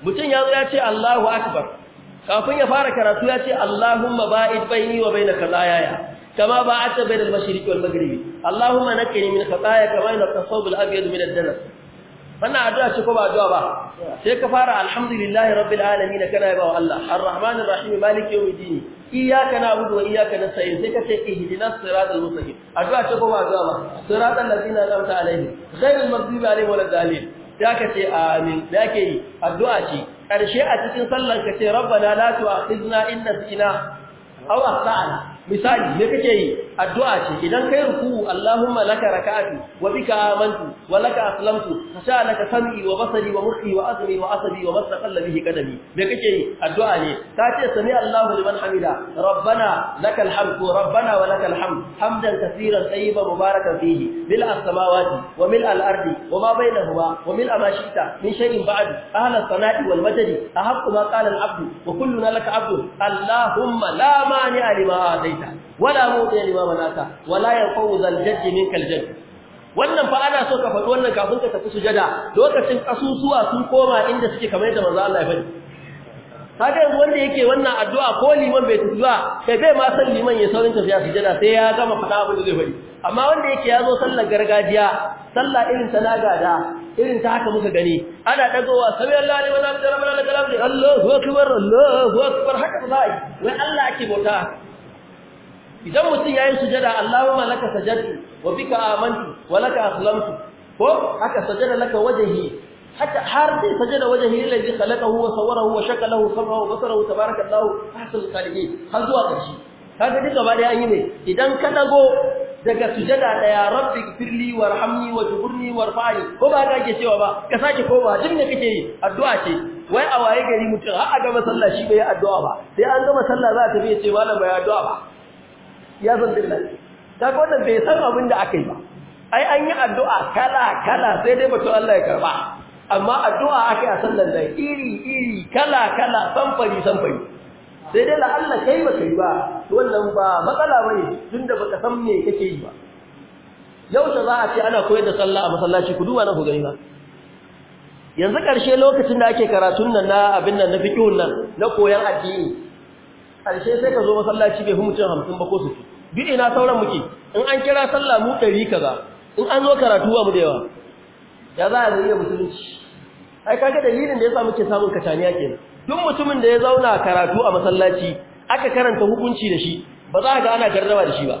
mutum ya zo ya ce Allahu akbar kafin ya fara karatu ya ce Allahumma ba'id baini wa baina khataaya kama ba'adta baina al-mashriqi wal maghribi Allahumma naqqini min khataaya kama yanqa thawb al-abyad min ad-danas wannan addu'a ce ko ba addu'a ba sai ka fara alhamdulillahi rabbil alamin kana yaba wa Allah arrahmanir rahim maliki yawmiddin iyyaka na'budu wa iyyaka nasta'in sai ka ce ihdinas siratal mustaqim addu'a ce ko ba addu'a ba siratal ladzina an'amta alaihim ghayril maghdubi alaihim waladdallin da ka ce amin da ke yi addu'a ce karshe a cikin sallar ka ce rabbana izina inda in ina. aw akhtana misali ne kake yi addu'a ce idan kai ruku'u Allahumma laka raka'atu wa bika amantu wa laka aslamtu fasha laka sam'i wa basari wa mukhi wa azmi wa asabi wa mastaqalla bihi qadami me kake yi addu'a ne ka ce sami Allahu liman hamida rabbana lakal hamd rabbana wa lakal hamd hamdan kaseeran tayyiban mubarakan fihi bil as-samawati wa mil al-ardi wa ma bainahuma wa mil ma shi'ta min shay'in ba'd ahla sanai wal majdi ahaqqu ma qala al-'abdu wa kulluna laka 'abdu Allahumma la mani'a lima ataita wala mawdi lima manata wala yaqawz al-jadd minkal jadd wannan fa ana so ka faɗi wannan kafin ka tafi sujada lokacin kasusuwa sun koma inda suke kamar da manzo Allah ya faɗi kaga yanzu wanda yake wannan addu'a ko liman bai tafi ba kai bai ma san liman ya saurin tafiya sujada sai ya gama faɗa abin da zai faɗi amma wanda yake ya zo sallar gargajiya sallah irin ta nagada irin ta haka muka gani ana dagowa sami Allah ne wala bi rabbana lakal Allahu akbar Allahu akbar haka ba wai Allah ake bauta idan mutum ya yi sujada Allahumma laka sajadtu wa bika amantu wa laka aslamtu ko haka sajada laka wajhi haka har sai sajada wajhi alladhi khalaqahu wa sawwarahu wa shakalahu sam'ahu wa basarahu tabarakallahu ahsanul khaliqin har zuwa ƙarshe kaga duka ba dai an yi ne idan ka dago daga sujada daya rabbi firli warhamni wajburni warfani ko ba ka ke cewa ba ka sake koma, duk ne kake yi addu'a ce wai a waye gari mutum har a gama sallah shi bai addu'a ba sai an gama sallah za ta bi ce malam bai addu'a ba ya san billah ta wannan bai san abin da aka yi ba ai an yi addu'a kala kala sai dai batu Allah ya karba amma addu'a aka yi a sallan da iri iri kala kala samfari samfari sai dai da Allah kai ba yi ba wannan ba matsala tun da baka san me kake yi ba yau ta za a ce ana koyar da sallah a masallaci ku duba na ku gani ba yanzu ƙarshe lokacin da ake karatun nan na abin nan na fiqhun nan na koyan addini ƙarshe sai ka zo masallaci bai fi mutum hamsin ba ko su duk ina sauran muke in an kira sallah mu ɗari ka kaza in an zo karatu ba mu da yawa ya za a zai musulunci ai kage dalilin da ya sa muke samun kataniya kenan duk mutumin da ya zauna karatu a masallaci aka karanta hukunci da shi ba za a ga ana jarraba da shi ba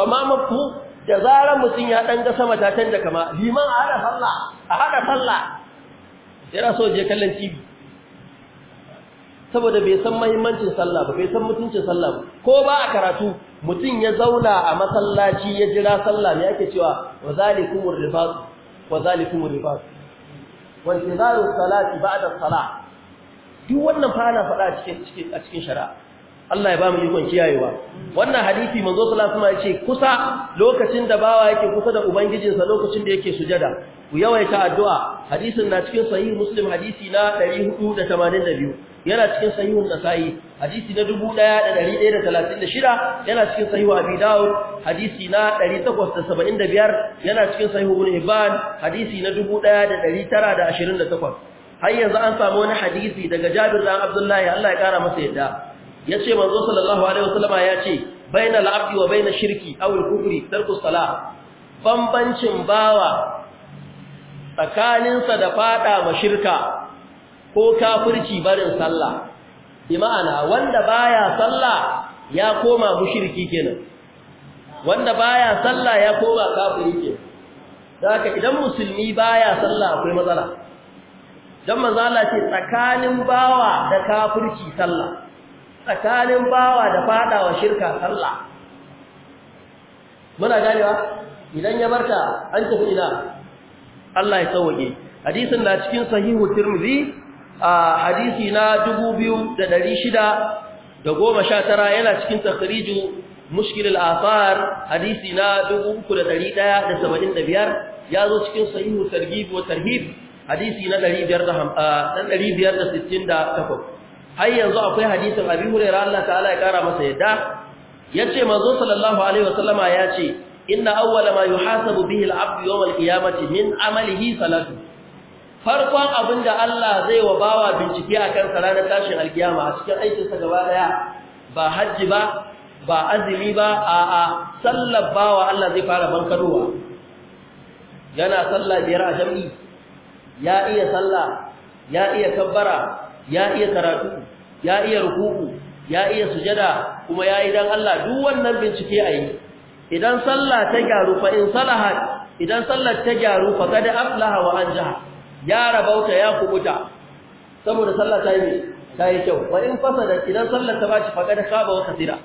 amma mafu da zarar mutum ya ɗan ga sama ta canja kama liman a haɗa sallah a haɗa sallah yana so je kallon tv saboda bai san muhimmancin sallah ba bai san mutuncin sallah ba ko ba a karatu mutum ya zauna a masallaci ya jira sallah me ake cewa wa zalikumur ribas wa zalikumur ribas wa intizaru salati ba'da salah duk wannan fa ana faɗa cikin cikin a cikin shari'a Allah ya ba mu ikon kiyayewa wannan hadisi manzo sallallahu alaihi wasallam ya ce kusa lokacin da bawa yake kusa da ubangijinsa lokacin da yake sujada ku yawaita addu'a hadisin na cikin sahih muslim hadisi na 482 yana cikin sahihun nasa'i hadisi na 1136 yana cikin sahihu abi daud hadisi na 875 yana cikin sahihu ibn hibban hadisi na 1928 har yanzu an samu wani hadisi daga jabir dan abdullahi Allah ya kara masa yadda yace manzo sallallahu alaihi wasallama yace bainal abdi wa bainash shirki aw al-kufri tarku salah bambancin bawa tsakaninsa da fada mashirka ko kafirci barin sallah bi ma'ana wanda baya sallah ya koma mushriki kenan wanda baya sallah ya koma kafiri kenan haka idan musulmi baya sallah akwai matsala dan Allah ce tsakanin bawa da kafirci sallah tsakanin bawa da fadawa shirka sallah muna ganewa idan ya barta an tafi ina Allah ya sauke hadisin na cikin sahihu tirmidhi a hadisi na 2619 yana cikin takhriju mushkil al-athar hadisi na 3175 yazo cikin sahihu targhib wa tarhib hadisi na 568 har yanzu akwai hadisin Abi Hurairah Allah ta'ala ya kara masa yadda yace manzo sallallahu alaihi wasallama yace inna awwala ma yuhasabu bihi al-'abdu yawm al-qiyamati min amalihi salatu farkon abin da Allah zai wa bawa bincike a kan ranar tashin alkiyama a cikin aikinsa gaba daya ba hajji ba ba azumi ba a'a sallar bawa Allah zai fara bankarowa yana sallar biyar a jam'i ya iya sallah ya iya tabbara ya iya karatu ya iya ruku'u ya iya sujada kuma ya yi dan Allah duk wannan bincike a yi idan sallah ta gyaru fa in salahat idan sallar ta gyaru fa kada aflaha wa jaha. ya rabauta ya kubuta saboda sallah ta yi ta yi kyau wa in fasada idan sallar ta bashi faqad kaba wa kasira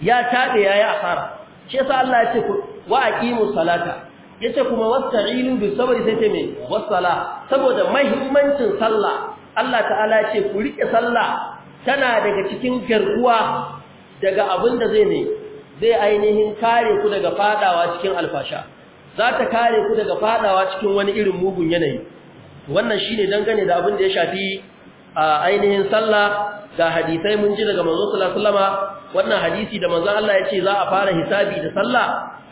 ya tade yayi asara shi yasa Allah ya ce ku wa aqimu salata yace kuma wasta'inu bi sabri sai ce me wassala saboda mahimmancin sallah Allah ta'ala ya ce ku rike sallah tana daga cikin garkuwa daga abin da zai ne zai ainihin kare ku daga fadawa cikin alfasha za ta kare ku daga fadawa cikin wani irin mugun yanayi wannan shine dangane da abin da ya shafi ainihin sallah ga hadisai mun ji daga manzo sallallahu alaihi wasallama wannan hadisi da manzo Allah ya ce za a fara hisabi da sallah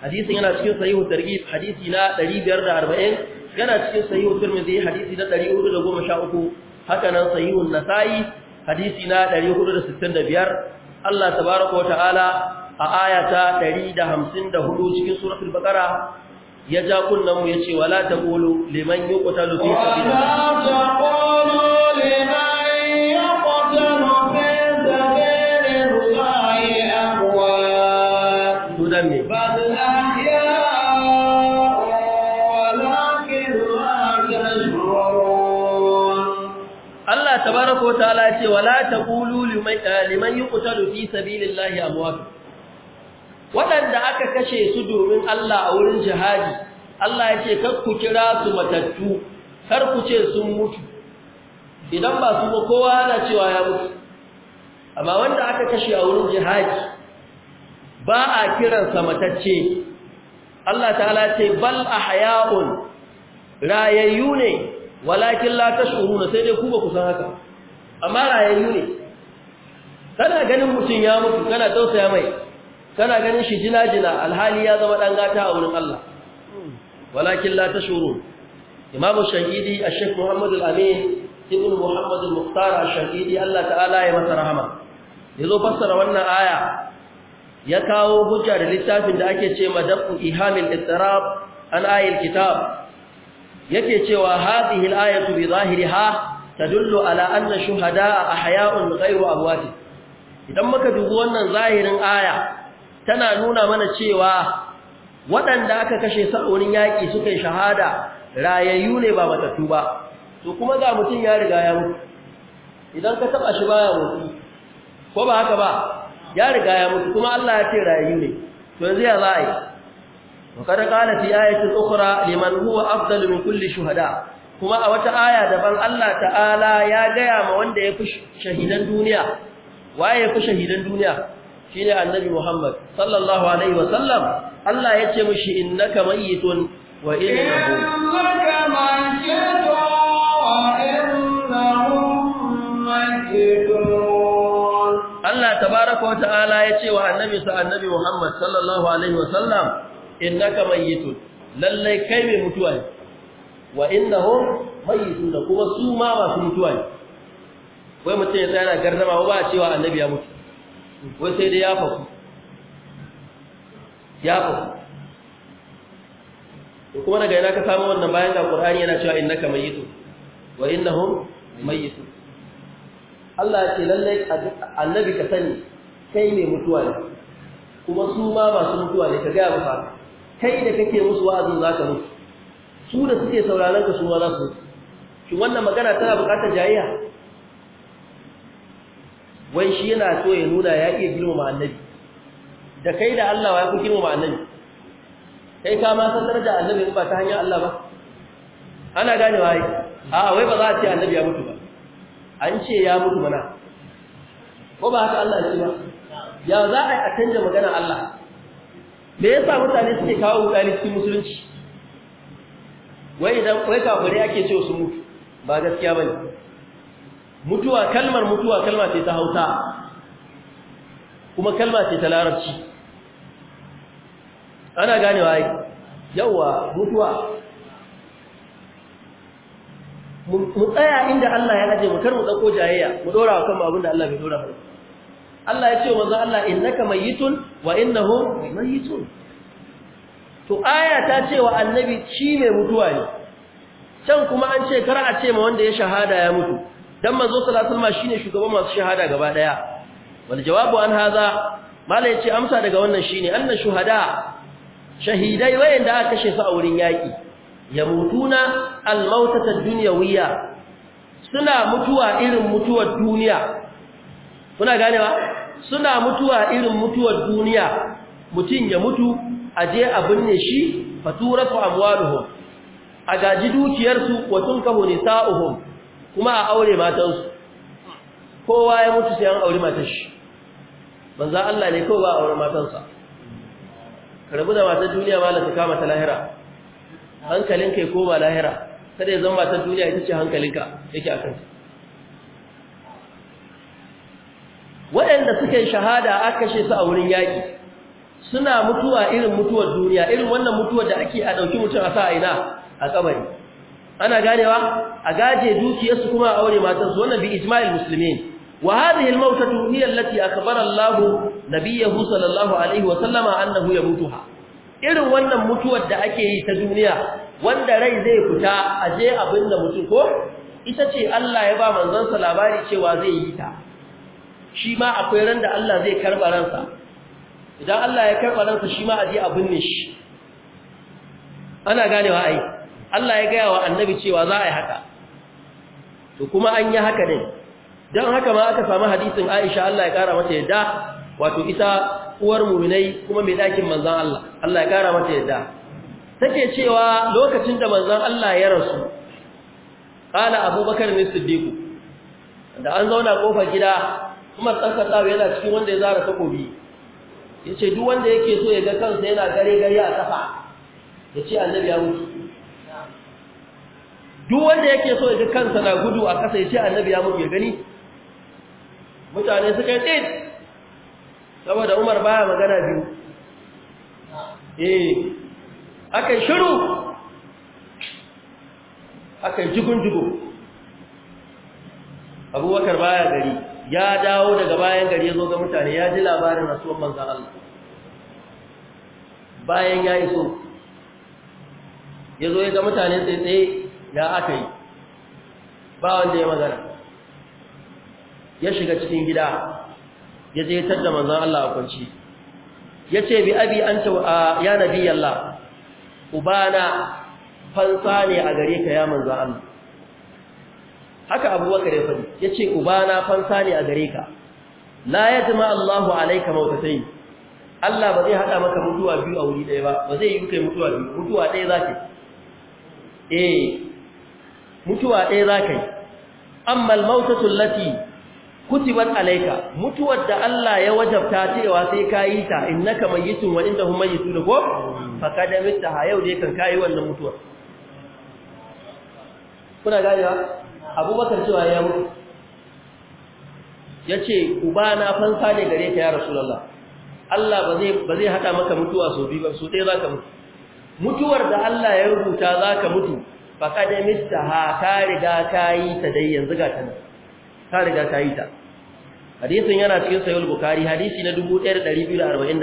hadisin yana cikin sahihu targhib hadisi na 540 yana cikin sahihu tirmidhi hadisi na 413 haka nan sahihu nasa'i hadisi na 465 Allah tabaaraka wa ta'ala a ayata 154 cikin suratul baqara ya ja kunnan mu yace wala ƙolo, liman Allah fi sabilillah tabaraka wataala ce wala liman yuqtalu fi sabilillahi amwat waɗanda aka kashe su domin Allah a wurin jihadi Allah ya ce kar ku kira su matattu kar ku ce sun mutu idan ba su ba kowa yana cewa ya mutu amma wanda aka kashe a wurin jihadi ba a kiransa matacce Allah ta'ala ce bal ahya'un rayayyu ne walakin la tashuruna sai dai ku ba ku san haka amma rayayyu ne kana ganin mutum ya mutu kana tausaya mai kana ganin shi jina-jina alhali ya zama ɗan gata a wurin Allah walakin la shuru. imamu shahidi a shek muhammadu al'amin ibn muhammadu muhtar shahidi Allah ta'ala ya masa rahama ya zo fassara wannan aya ya kawo hujja da littafin da ake ce madafu ihamil ittirab an ayil kitab yake cewa hadhihi al-ayatu bi zahiriha tadullu ala anna shuhadaa ahya'un ghayru amwat idan muka dubi wannan zahirin aya tana nuna mana cewa waɗanda aka kashe su a wurin yaƙi suka yi shahada rayayyu ne ba matattu ba to kuma ga mutum ya riga ya mutu idan ka taɓa shi baya mutu. ko ba haka ba ya riga ya mutu kuma Allah ya ce rayayyu ne to yanzu ya za a yi وقد قال fi آية أخرى liman huwa أفضل min kulle shuhada. kuma a wata aya daban Allah ta'ala ya gaya ma wanda ya fi shahidan duniya waye ya fi shahidan duniya shine annabi Muhammad sallallahu alaihi wasallam Allah ya ce mishi innaka mayyitun wa innahu innaka mayyitun wa innahum mayyitun Allah tabaaraka wa ta'ala ya ce wa annabi sa annabi Muhammad sallallahu alaihi wasallam innaka mayyitun lallai kai mai mutuwa ne wa innahum da kuma su ma masu mutuwa ne wai mutum ya tsaya na gardama ba a cewa annabi ya mutu wai sai dai ya faku ya faku kuma daga yana ka samu wannan bayan da qur'ani yana cewa innaka mayyitu wa innahum mayyitu Allah ya ce lallai annabi ka sani kai ne mutuwa ne kuma su ma masu mutuwa ne ka ga ba kai da kake musu wa'azin ka mutu su da suke sauraron ka su ma za su mutu shin wannan magana tana buƙatar jayayya wai shi yana so ya nuna ya iya ma annabi da kai da Allah ya ku ma annabi kai ka ma san daraja annabi ba ta hanyar Allah ba ana gane wai a wai ba za a ce annabi ya mutu ba an ce ya mutu mana ko ba haka Allah ce ba ya za a yi a canja magana Allah me yasa mutane suke kawo mutane cikin musulunci wai idan wai kafirai ake ce su mutu ba gaskiya bane mutuwa kalmar mutuwa kalma ce ta hauta kuma kalma ce ta larabci ana ganewa ai yawa mutuwa mu tsaya inda Allah ya aje mu kar mu dauko jayayya mu dora kan abin da Allah bai dora ba Allah ya ce wa manzo Allah innaka mayitun wa innahum mayitun to aya ta ce wa annabi shi mai mutuwa ne can kuma an ce kar a ce ma wanda ya shahada ya mutu dan manzo sallallahu alaihi shine shugaban masu shahada gaba daya wal jawabu an haza? mala yace amsa daga wannan shine annan shuhada shahidai wayanda aka kashe su a wurin yaki yamutuna al mautata dunyawiyya suna mutuwa irin mutuwar duniya kuna ganewa suna mutuwa irin mutuwar duniya mutun ya mutu aje a binne shi faturatu amwaluhum a gaji dukiyarsu wa tunkahu nisa'uhum kuma a aure matansu kowa ya mutu sai an aure matar shi manzo Allah ne kowa a aure matansa karabu da matar duniya ma ta kama ta lahira hankalin kai ko ba lahira kada ya zama matar duniya ita ce hankalinka yake a kanta waɗanda suke shahada aka kashe su a wurin yaƙi suna mutuwa irin mutuwar duniya irin wannan mutuwar da ake a ɗauki mutum a sa a ina a kabari ana ganewa a gaje dukiyarsu kuma a aure matansu wannan bi ijma'il muslimin wa hadhihi al-mautatu hiya allati akhbara Allah nabiyahu sallallahu alaihi wa sallama annahu yamutuha irin wannan mutuwar da ake yi ta duniya wanda rai zai fita aje da mutu ko ita ce Allah ya ba manzansa labari cewa zai yi ta shi ma akwai ran da Allah zai karba ransa idan Allah ya karba ransa shi ma aje abin ne shi ana ganewa ai Allah ya gaya wa annabi cewa za a yi haka to kuma an yi haka ne don haka ma aka sami hadisin Aisha Allah ya kara mata yadda wato ita uwar muminai kuma mai ɗakin manzan Allah Allah ya kara mata yadda take cewa lokacin da manzan Allah ya rasu qala Abubakar ne siddiqu da an zauna kofar gida kuma dan yana cikin wanda ya zara takobi yace duk wanda yake so ya ga kansa yana gare gare a kafa ce annabi ya mutu duk wanda yake so ya ga kansa na gudu a ƙasa ya ce annabi ya mutu ya gani mutane suka yi tsit saboda umar baya magana biyu eh aka shiru aka yi jigun-jigun abubakar baya gari ya dawo daga bayan gari ya zo ga mutane ya ji labarin rasuwan manzan Allah bayan ya iso ya zo ya ga mutane tsaye ya aka yi ba wanda ya magana ya shiga cikin gida ya je tar da manzon Allah a kwanci ya ce bi abi anta ya nabi Allah ubana fansa ne a gare ka ya manzon Allah haka abubakar ya fadi ya ce ubana fansa ne a gare ka la yajma Allahu alayka mautatai Allah ba zai haɗa maka mutuwa biyu a wuri ɗaya ba ba zai yi kai mutuwa biyu mutuwa ɗaya za ce eh mutuwa ɗaya za ka yi amma almautatu allati kutibat alayka mutuwar da Allah ya wajabta cewa sai ka yi ta innaka mayyitun wa indahum mayyitun ko faqad ha yau dai kan ka yi wannan mutuwar kuna gane Abubakar cewa ya mutu Ya yace ubana fansa ne gare ta ya rasulullah Allah ba zai haɗa maka mutuwa sau biyu ba Ɗaya za ka mutu mutuwar da Allah ya rubuta za ka mutu mista ha ka riga yi ta dai yanzu ga ta ka riga yi ta hadisin yana cikin sahih al-bukhari hadisi na 1241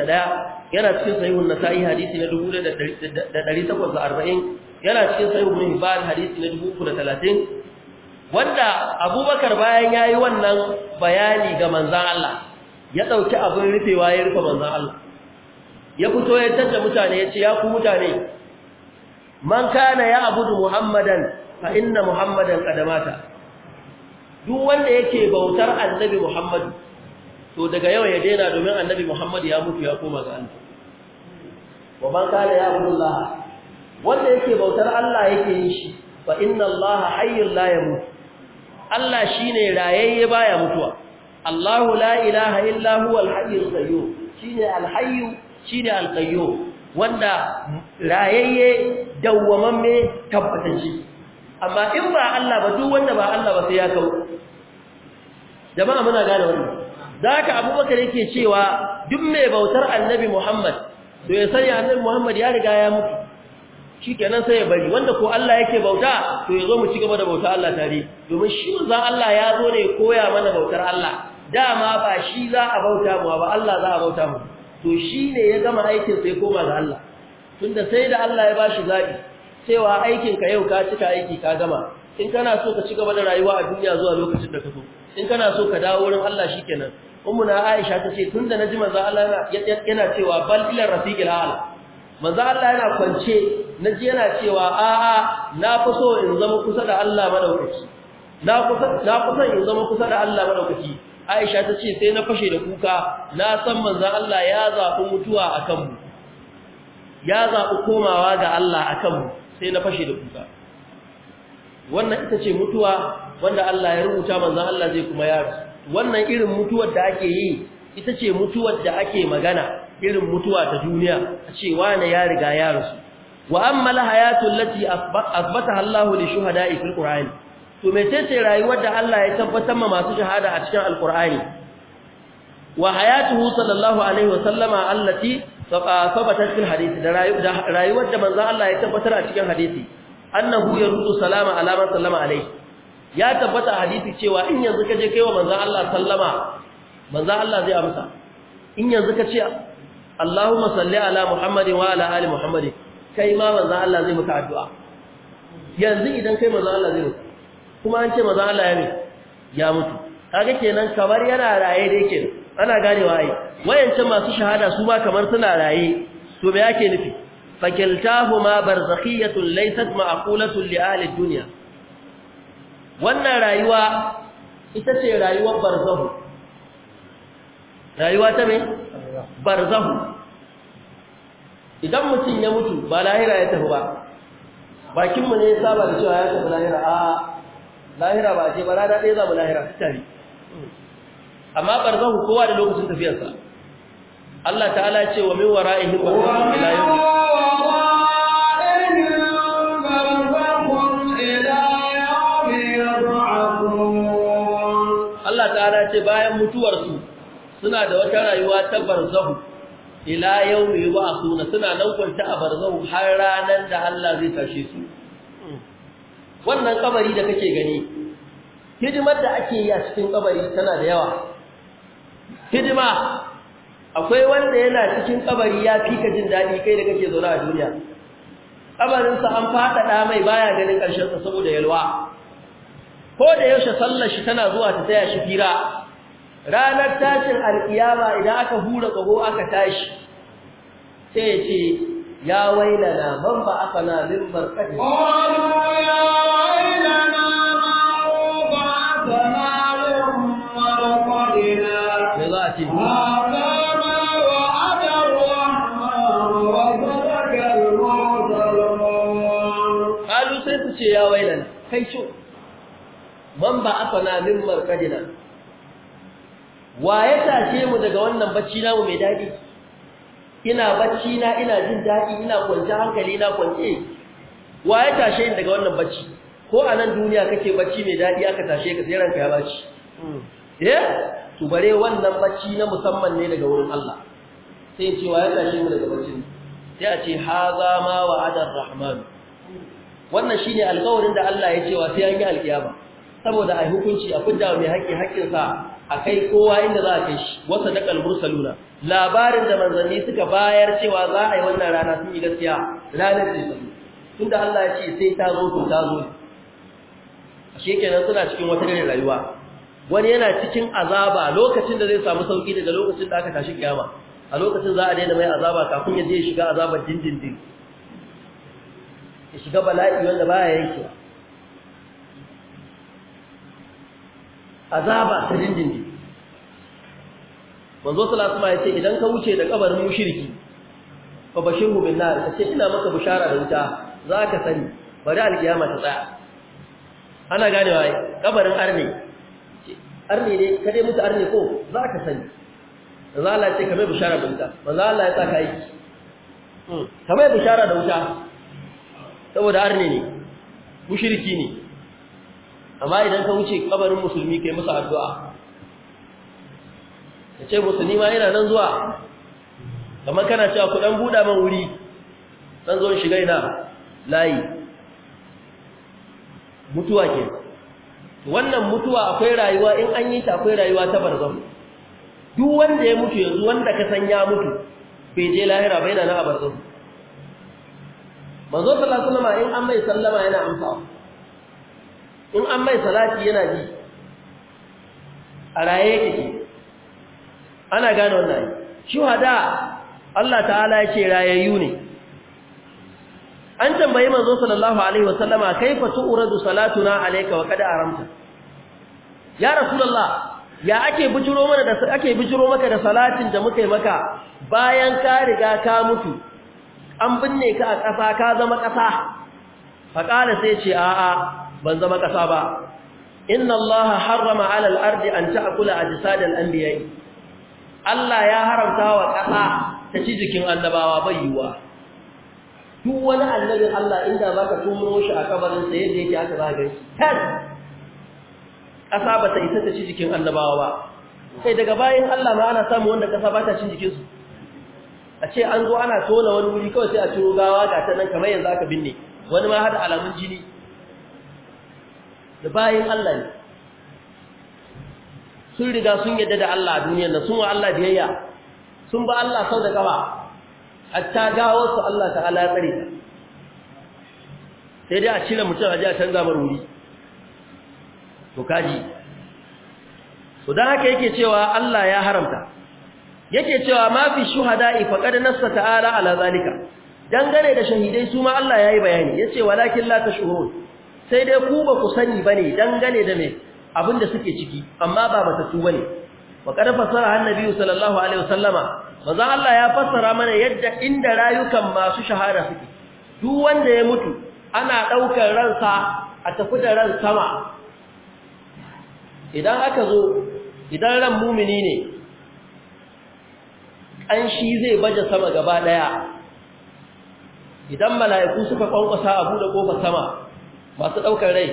yana cikin sahih an-nasa'i hadisi na 1840 yana cikin sahih ibn hibban hadisi na 330 wanda abubakar bayan ya yi wannan bayani ga manzan Allah ya ɗauki abin rufewa ya rufe manzan Allah ya fito ya canza mutane ya ce ya ku mutane man kana ya'budu muhammadan fa inna muhammadan qadamata duk wanda yake bautar annabi muhammad to daga yau ya daina domin annabi muhammad ya mutu ya koma ga Allah wa man kana ya'budu Allah wanda yake bautar Allah yake yin shi fa inna Allah hayyul la yamut Allah shine rayayye baya mutuwa Allahu la ilaha illa huwal hayyul qayyum shine al hayyu shine al qayyum wanda rayayye dawwamamme shi amma in ba Allah ba duk wanda ba Allah ba sai ya kawo jama'a muna gane wannan zaka abubakar yake cewa duk mai bautar annabi Muhammad to ya sanya annabi Muhammad ya riga ya mutu shikenan sai ya bari wanda ko Allah yake bauta to ya zo mu cigaba da bauta Allah tare domin shi za Allah ya zo ne koya mana bautar Allah dama ba shi za a bauta mu ba Allah za a bauta mu to shi ne ya gama aikin sai koma ga Allah tunda sai da Allah ya bashi zabi cewa aikin ka yau ka cika aiki ka gama in kana so ka ci gaba da rayuwa a duniya zuwa lokacin da ka so in kana so ka dawo wurin Allah shikenan na Aisha ta ce tunda naji manzo Allah yana cewa bal ila rafiqil ala manzo Allah yana kwance naji yana cewa a a na fi so in zama kusa da Allah madaukaki na kusa na kusa in zama kusa da Allah madaukaki Aisha ta ce sai na fashe da kuka na san manzo Allah ya zafi mutuwa akan mu ya zaɓi komawa ga Allah a kanmu sai na fashe da kuka wannan ita ce mutuwa wanda Allah ya rubuta manzan Allah zai kuma yaro wannan irin mutuwar da ake yi ita ce mutuwar da ake magana irin mutuwa ta duniya a ce wane ya riga ya rasu wa amma lahayatul lati asbata Allah li shuhada'i fil Qur'an to mecece rayuwar da Allah ya tabbatar ma masu shahada a cikin Al-Qur'ani wa hayatuhu sallallahu alaihi wa sallama allati sabatar cikin hadisi da rayuwar da manzan Allah ya tabbatar a cikin hadisi annahu ya rudu salama alaman sallama alai ya tabbata hadisi cewa in yanzu ka je kai wa manzan Allah sallama manzan Allah zai amsa in yanzu ka ce Allahumma salli ala Muhammadin wa ala ali Muhammadin kai ma manzan Allah zai maka addu'a yanzu idan kai manzan Allah zai mutu kuma an ce manzan Allah ya ne ya mutu kaga kenan kamar yana raye da yake ana gane ai wayancan masu shahada su ba kamar suna raye to me yake nufi fakiltahuma barzakhiyatun laysat ma'qulatun li ahli dunya wannan rayuwa ita ce rayuwar barzahu rayuwa ta me barzahu idan mutum ya mutu ba lahira ya tafi ba bakin mu ne ya saba da cewa ya tafi lahira a lahira ba ce ba rana ɗaya za mu lahira tare amma barzahu kowa da lokacin tafiyarsa Allah ta'ala ce wa min wara'ihi barzahu ila yawm ce bayan mutuwarsu suna da wata rayuwa ta barzahu ila yawmi yub'athuna suna nan kwanta a barzahu har ranan da Allah zai tashe su wannan kabari da kake gani hidimar da ake yi a cikin kabari tana da yawa hidima akwai wanda yana cikin kabari ya fika jin daɗi kai da kake zaune a duniya Ƙabarinsa an faɗaɗa mai baya ganin sa saboda yalwa ko da yaushe sallar shi tana zuwa ta taya shi fira ranar tashin alkiyama idan aka hura kabo aka tashi sai ya ce ya wailana man ba aka na limbar ce Kalu sai su ce ya kai co man ba afana min markadina wa ya tashe mu daga wannan bacci namu mai daɗi ina bacci na ina jin daɗi ina kwanci hankali na kwanci, wa ya tashe ni daga wannan bacci ko a nan duniya kake bacci mai daɗi aka tashe ka tseren ka ya baci hmm. eh to bare wannan bacci na musamman ne daga wurin Allah sai ce wa ya tashi mu daga baccin sai a ce haza ma wa'ada rahman wannan shine alƙawarin da Allah ya ce wa sai an yi alƙiyama saboda ai hukunci a fidda mai haƙƙi haƙƙin sa akai kowa inda za a kai shi wasa daqal mursaluna labarin da manzanni suka bayar cewa za a yi wannan rana sun yi gaskiya ranar ce tunda Allah ya ce sai ta zo to ta zo ashe kenan suna cikin wata irin rayuwa wani yana cikin azaba lokacin da zai samu sauki daga lokacin da aka tashi kiyama a lokacin za a daina mai azaba kafin ya je ya shiga azabar dindindin ya shiga bala'i wanda ba ya yanke. azaba ta dindindin manzo sallallahu ya ce idan ka wuce da kabarin ba bashin hubin na ka ce ina maka bushara da wuta ka sani bari alkiyama ta tsaya ana ganewa kabarin arne arne ne ka dai mutu arne ko za ka sani manzo Allah ya ce kamar bishara da wuta manzo Allah ya saka aiki hmm. kamar bishara da wuta saboda arne ne mushirki ne amma idan ka wuce kabarin musulmi kai musu addu'a ka ce musulmi ma yana nan zuwa kamar kana cewa ku dan buda man wuri dan zo shiga ina layi mutuwa ke. wannan mutuwa akwai rayuwa in an yi ta akwai rayuwa ta barzan duk wanda ya mutu yanzu wanda ka san ya mutu bai je lahira ba yana na a barzahu manzo sallallahu alaihi wasallam in an mai sallama yana amsa in an mai salati yana ji a raye yake ana gane wannan hada Allah ta'ala ya ce rayayyu ne an tambayi manzo sallallahu alaihi wasallama kaifa tu'radu salatuna alayka wa qad aramta ya rasulullah ya ake bijiro mana da ake maka da salatin da muka yi maka bayan ka riga ka mutu an binne ka a ƙasa ka zama ƙasa faqala sai ce a'a ban zama ƙasa ba inna allaha harrama 'ala al-ardi an ta'kula ajsad al-anbiya Allah ya haramta wa ƙasa ta ci jikin annabawa bai yiwa duk wani annabin Allah inda ba ka tumuro shi a kabarin sa yadda yake aka zaga shi tas kasa ba ta isa ta ci jikin annabawa ba sai daga bayan Allah ma ana samu wanda kasa ba ta cin jikin su a ce an zo ana tona wani wuri kawai sai a ciro gawa ga ta nan kamar yanzu aka binne wani ma hada alamun jini da bayan Allah ne sun riga sun yadda da Allah a duniyar nan sun wa Allah biyayya sun ba Allah sau da kafa hatta gawo su Allah ta ala tsare ta sai dai a cire mutum a jiya canza mar wuri to kaji so dan haka yake cewa Allah ya haramta yake cewa ma fi ifa faqad nassa ta'ala ala zalika dangane da shahidai su ma Allah yi bayani Ya yace walakin la tashurun sai dai ku ba ku sani bane dangane da me abinda suke ciki amma ba bata su bane wa qad fasara annabi sallallahu alaihi wasallama maza Allah ya fassara mana yadda inda rayukan masu shahara suke duk wanda ya mutu ana daukar ransa a tafi da ran sama idan aka zo idan ran mumini ne ƙanshi zai baje sama gaba daya idan mala'iku suka kwankwasa a bude kofar sama masu ɗaukar rai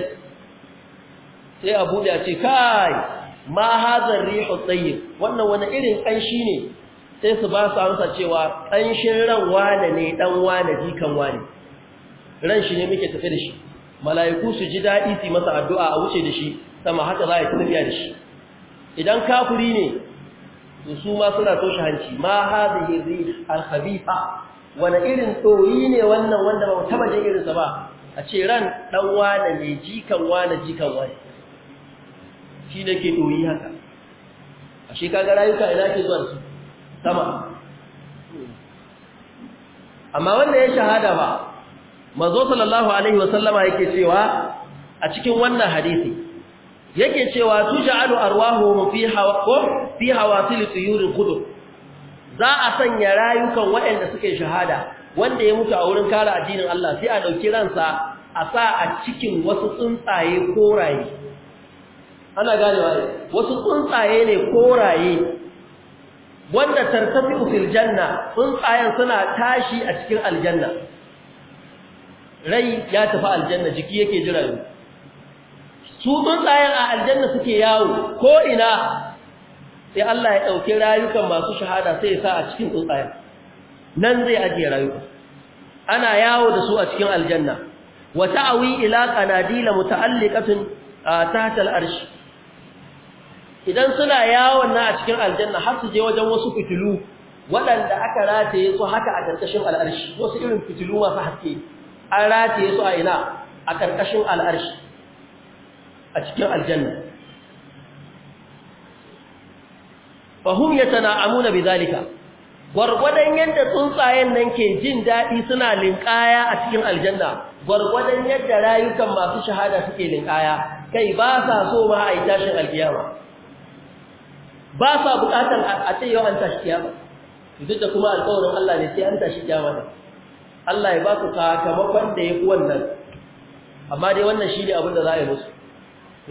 sai a buɗe a ce kai ma hazar rihu tsayin wannan wani irin ƙanshi ne sai su ba su amsa cewa ƙanshin ran wane ne ɗan wane jikan wane ran shi ne muke tafi da shi mala'iku su ji daɗi su masa addu'a a wuce da shi sama haka za a yi tafiya da shi idan kafuri ne su su ma suna toshe hanci ma da rih al-khabifa wani irin tsoyi ne wannan wanda ba baje jin irinsa ba a ce ran ɗan wane ne jikan wane jikan wane shi ne ke ɗoyi haka a shekaga rayuka ina ke zuwa da su sama amma wanda ya shahada ba manzo sallallahu alaihi wasallama yake cewa a cikin wannan hadisi yake cewa tuj'alu arwahuhum fi hawaqo fi hawasil tuyur qudud za a sanya rayukan waɗanda suke shahada wanda ya mutu a wurin kare addinin Allah sai a dauki ransa a sa a cikin wasu tsuntsaye koraye ana ganewa wasu tsuntsaye ne koraye wanda tartafi fil janna tsuntsayen suna tashi a cikin aljanna rai ya tafi aljanna jiki yake jira yau su tsuntsayen a aljanna suke yawo ko ina sai Allah ya dauke rayukan masu shahada sai ya sa a cikin tsuntsayen nan zai ajiye rayuka ana yawo da su a cikin aljanna wa ta'awi ila qanadila muta'alliqatun tahta al-arsh idan suna yawon na a cikin aljanna har su je wajen wasu fitilu waɗanda aka rataye su haka a ƙarƙashin al'arshi wasu irin fitilu masu haske an rataye su a ina a ƙarƙashin al'arshi a cikin aljanna fahim ya tana amuna bi zalika gwargwadon yadda tsuntsayen nan ke jin daɗi suna linƙaya a cikin aljanna gwargwadon yadda rayukan masu shahada suke linƙaya kai ba sa so ma a yi tashin alkiyama ba sa bukatar a ce yau an tashi kiyama duk da kuma alƙawarin Allah ne sai an tashi kiyama ne Allah ya ba ku sakamakon da ya fi wannan amma dai wannan shi ne abin da za a yi musu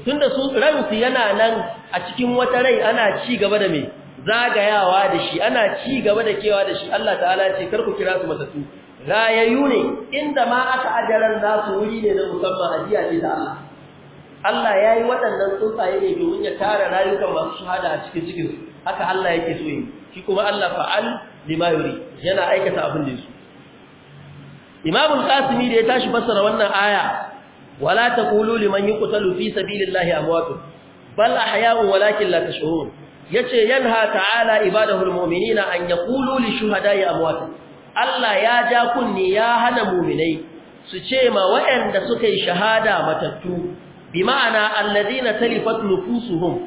tun da su ransu yana nan a cikin wata rai ana ci gaba da me zagayawa da shi ana ci gaba da kewa da shi Allah ta'ala ya ce kar ku kira su matatu rayayu ne inda ma aka ajaran su wuri ne na musamman ajiya ce ta Allah Allah ya yi waɗannan tsuntsaye ne domin ya tara rayukan masu shahada a cikin cikin haka Allah yake so yi shi kuma Allah fa'al lima yana aikata abin da yaso Imam qasimi da ya tashi fassara wannan aya wala taqulu liman yuqtalu fi sabilillahi amwatun bal ahya'u walakin la tash'urun yace yanha ta'ala ibadahu al-mu'minina an yaqulu li shuhada'i amwatun Allah ya ja kunni ya hana mu'minai su ce ma waɗanda suka yi shahada matattu bi ma'ana alladhina talifat nufusuhum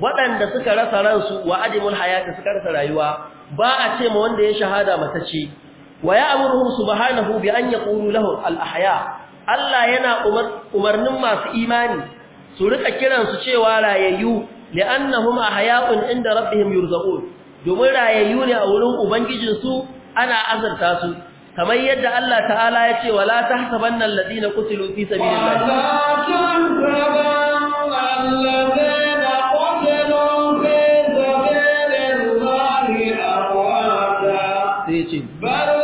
waɗanda suka rasa ransu wa adimul hayati suka rasa rayuwa ba a ce ma wanda ya shahada ce. wa ya'muruhum subhanahu bi an yaqulu lahu al ahya Allah yana umarnin masu imani su rika kiran su cewa rayayyu li'annahum ahya'un inda rabbihim yurzaqun domin rayayyu ne a wurin ubangijin su ana azarta su kamar yadda Allah ta'ala ya ce wala tahsabanna alladhina qutilu fi sabilillah wala tahsabanna alladhina qutilu fi sabilillah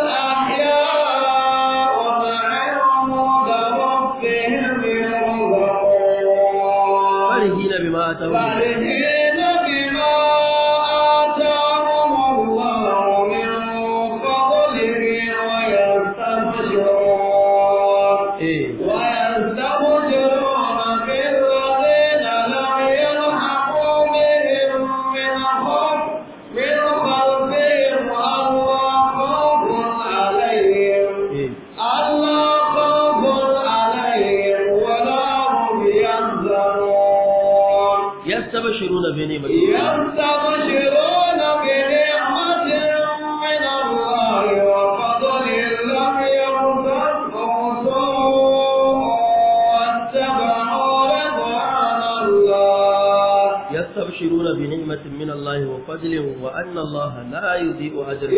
ان الله لا يضيء اجر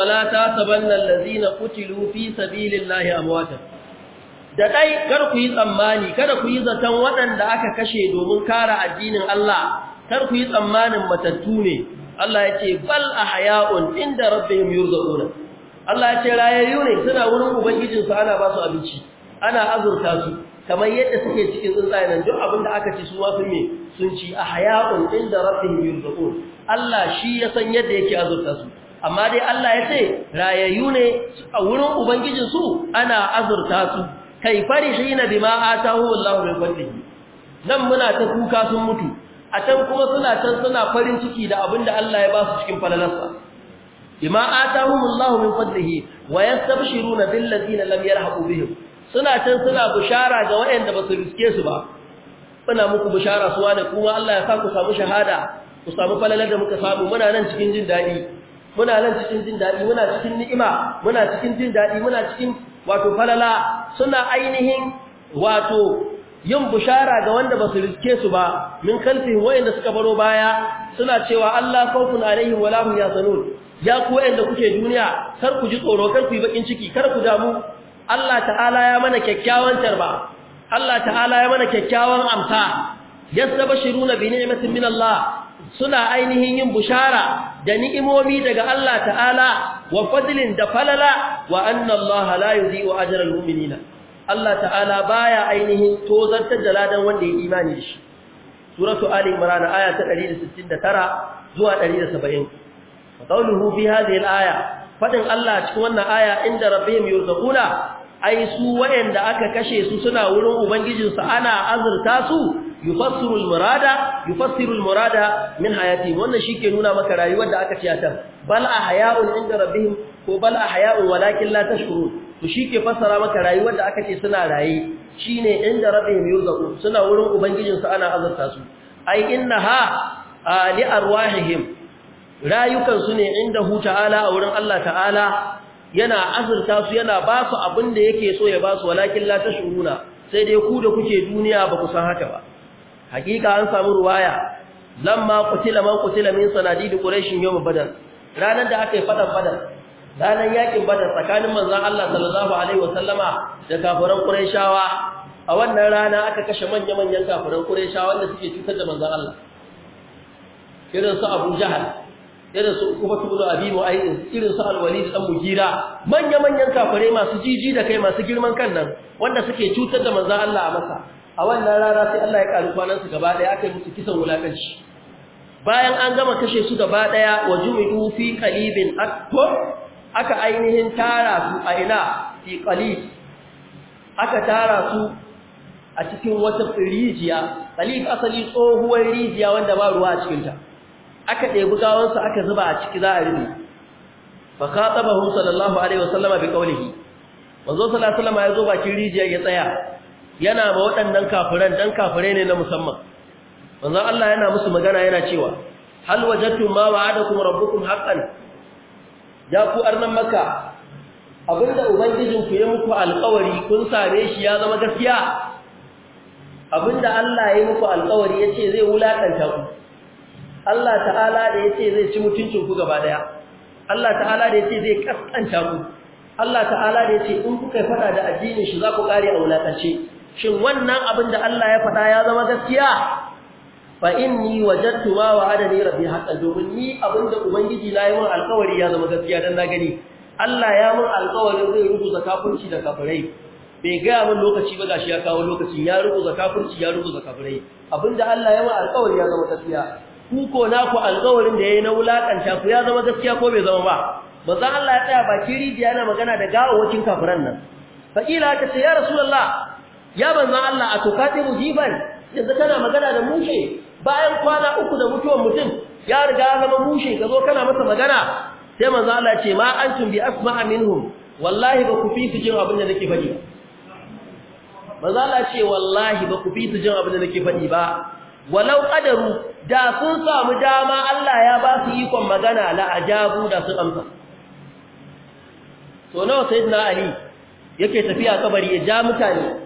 ولا تاسبن الذين قتلوا في سبيل الله امواتا da dai kar kuyi tsammani kada kuyi zaton waɗanda aka kashe domin kara addinin Allah kar kuyi tsammanin matattu ne Allah ya ce bal ahya'un inda rabbihim yurzaquna Allah ya ce rayayyu ne suna wurin ubangijin su ana ba su abinci ana azurta su kamar yadda suke cikin tsuntsaye nan duk abin da aka ci su wasu me sun ci ahya'un inda rabbihim yurzaqun Allah shi ya san yadda yake azurta su amma dai Allah ya ce rayayyu ne a wurin ubangijin su ana azurta su kai fari bima atahu Allahu min fadlihi nan muna ta kuka sun mutu a can kuma suna can suna farin ciki da abin da Allah ya ba su cikin falalarsa bima atahumullahu min fadlihi wa yastabshiruna bil ladina lam yarhaqu bihim suna can suna bushara ga waɗanda ba su riske su ba muna muku bushara su wani kuma Allah ya sa ku samu shahada ku samu falalar da muka samu muna nan cikin jin daɗi muna nan cikin jin daɗi muna cikin ni'ima muna cikin jin daɗi muna cikin wato falala suna ainihin wato yin bushara ga wanda ba su riske su ba min kalfihim wa'inda suka baro baya suna cewa Allah khawfun alaihim wala ya sanun. ya ku wa'inda kuke duniya kar ku ji tsoro kar ku yi bakin ciki kar ku damu Allah ta'ala ya mana kyakkyawan tarba Allah ta'ala ya mana kyakkyawan amsa yastabshiruna bi ni'matin min Allah suna ainihin yin bushara da ni'imomi daga Allah ta'ala wa fadlin da falala wa anna Allah la yudhi'u ajra al-mu'minina Allah ta'ala baya ainihin tozartar da ladan wanda ya imani da shi suratu ali imran aya ta 169 zuwa 170 qawluhu fi hadhihi al-aya fadin Allah cikin wannan aya inda rabbihim yurzaquna ai su wayanda aka kashe su suna wurin ubangijinsu ana azurta su yufassiru al-murada yufassiru al-murada min hayati wannan shike nuna maka rayuwar da aka ciyata bal ahya'un inda rabbihim ko bal ahya'un walakin la tashkurun to shi ke fassara maka rayuwar da aka ce suna raye shine inda rabbihim yurzaqun suna wurin ubangijinsu ana azurta su ai ha! ali arwahihim rayukansu ne inda hu ta'ala a wurin Allah ta'ala yana azurta su yana ba su abin da yake so ya ba su walakin la tashuruna sai dai ku da kuke duniya ba ku san haka ba hakika an samu ruwaya lamma qutila man qutila min sanadid quraish yawm badal ranan da aka yi fadan badal ranar yakin bada tsakanin manzon Allah sallallahu alaihi wasallama da kafiran qurayshawa a wannan rana aka kashe manya-manyan kafiran qurayshawa wanda suke cutar da manzon Allah irin su Abu Jahal irin su Uqba ibn Abi Mu'ayth irin su Al-Walid dan Mugira manya-manyan kafire masu jiji da kai masu girman kan nan wanda suke cutar da manzon Allah a masa a wannan rana sai Allah ya karu kwanan su gaba daya aka yi musu kisan wulakanci bayan an gama kashe su gaba daya wajumidu fi kalibin akbar aka ainihin tara su a ina fi qalil aka tara su a cikin wata rijiya qalil asali tsohuwar rijiya wanda ba ruwa a cikin ta aka ɗebi gawansu aka zuba a ciki za a rubu fa khatabahu sallallahu alaihi wasallama bi qawlihi manzo sallallahu alaihi wasallama ya zo bakin rijiya ya tsaya yana ba waɗannan kafiran dan kafirai ne na musamman manzo Allah yana musu magana yana cewa hal wajadtum ma wa'adakum rabbukum haqqan ya ku arnan maka abinda ubangijin ku ya muku alƙawari kun same shi ya zama gaskiya abinda Allah ya muku alƙawari yace zai wulakanta ku Allah ta'ala da yace zai ci mutuncin ku gaba daya Allah ta'ala da yace zai kaskanta ku Allah ta'ala da yace in kuka fada da addinin shi za ku kare a wulakance shin wannan abinda Allah ya fada ya zama gaskiya fa inni wajadtu ma wa'adani rabbi haqqan domin ni abinda ubangiji na yi min alƙawari ya zama gaskiya dan na gani Allah ya mun alƙawarin zai rubuta kafirci da kafirai bai ga mun lokaci ba gashi ya kawo lokaci ya rubuta kafirci ya rubuta zakafirai abinda Allah ya mun alƙawari ya zama gaskiya ku ko na ku alƙawarin da yayi na wulakanta ku ya zama gaskiya ko bai zama ba manzo Allah ya tsaya baki rijiya na magana da gawawakin kafiran nan fa kila ka ce ya rasulullah ya manzo Allah a to ka mujiban yanzu kana magana da mushe bayan kwana uku da mutuwan mutum ya riga ya zama mushe ka zo kana masa magana sai manzo Allah ce ma antum bi asma'a minhum wallahi ba ku fi su jin abin da nake faɗi manzo Allah ce wallahi ba ku fi su jin abin da nake faɗi ba walau qadaru da sun samu dama Allah ya ba su ikon magana la ajabu da sun amsa so nawa sayyidina ali yake tafiya kabari ya ja mutane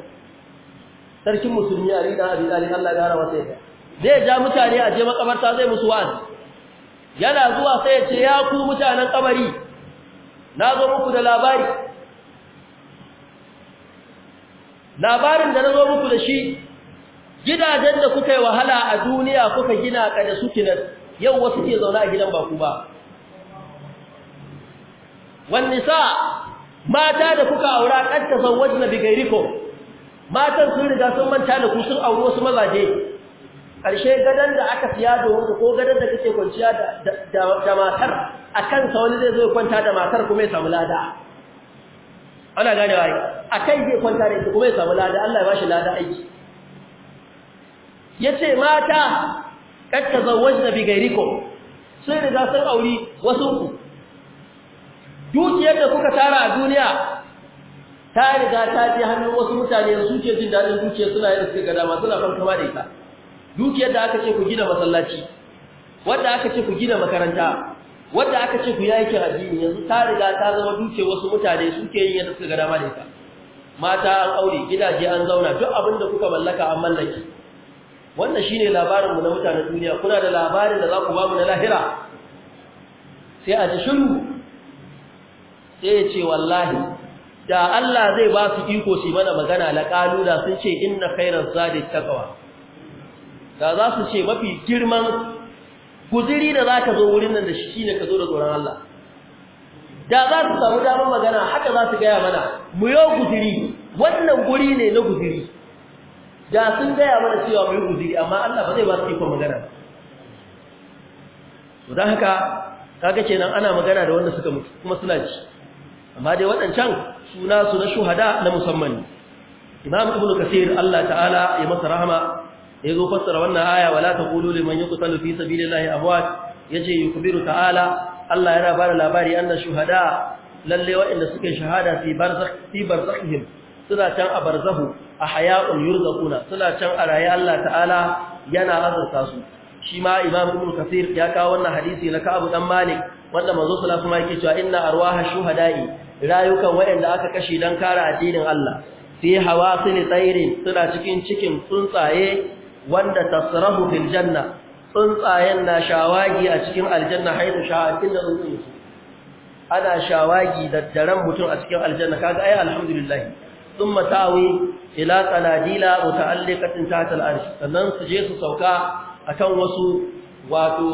sarkin musulmi ali da abi talib Allah ya rawa sai zai ja mutane a je makabarta zai musu wa'az yana zuwa sai ya ce ya ku mutanen kabari na zo muku da labari labarin da na zo muku da shi gidajen da kuka yi wahala a duniya kuka gina kada suke nan yau wasu ke zaune a gidan baku ba wan sa mata da kuka aura kanta zawwajna bi gairikum matan sun riga sun manta da ku sun auri wasu mazaje ƙarshe gadon da aka siya domin ko gadon da kake kwanciya da matar a kansa wani zai zo kwanta da matar kuma ya samu lada ana gane wa a kai zai kwanta da ita kuma ya samu lada Allah ya bashi lada aiki ya ce mata kad ta zawaj na sai sun riga sun auri wasu ku dukiyar da kuka tara a duniya ta riga ta ce hannun wasu mutane su ke jin daɗin dukiyar suna yin suke gada masu lafan kama da ita dukiyar da aka ce ku gina masallaci wanda aka ce ku gina makaranta wanda aka ce ku yaki addini yanzu ta riga ta zama duke wasu mutane suke yin yadda suka gada dama mata an aure gidaje an zauna duk abin da kuka mallaka an mallaki wannan shine labarin mu na mutanen duniya kuna da labarin da za ku ba mu na lahira sai a ji shiru sai ya ce wallahi da Allah zai ba su iko su mana magana la kaluna sun ce inna khairaz zadi taqwa da za su ce mafi girman guziri da za ka zo wurin nan da shi ne ka zo da tsoron Allah da za su samu damar magana haka za su gaya mana mu yau guziri wannan guri ne na guziri da sun gaya mana cewa mu yi guziri amma Allah ba zai ba su ikon magana to don haka kaga kenan ana magana da wanda suka mutu kuma suna ci amma dai waɗancan suna su na shuhada na musamman imam ibnu kasir Allah ta'ala ya masa rahama da yazo fassara wannan aya wala taqulu liman yuqtalu fi sabilillahi amwat yace yukbiru ta'ala Allah yana bada labari anna shuhada lalle waɗanda suke shahada fi barzakh fi barzakhihim suna can a barzahu a haya'un yurzaquna suna can a rayi Allah ta'ala yana azurta su shi ma imam ibn kasir ya kawo wannan hadisi na kabu dan malik wanda manzo sallallahu alaihi wasallam yake cewa inna arwaha shuhada'i rayukan waɗanda aka kashe dan kare addinin Allah fi hawasil tayrin suna cikin cikin tsuntsaye wanda tasrahu fil janna tsuntsayen na shawagi a cikin aljanna haitu sha'atin da tsuntsun ana shawagi da daren mutum a cikin aljanna kaga ai alhamdulillah thumma tawi ila qanadila muta'alliqatin tahta al-arsh sannan su je su sauka akan wasu wato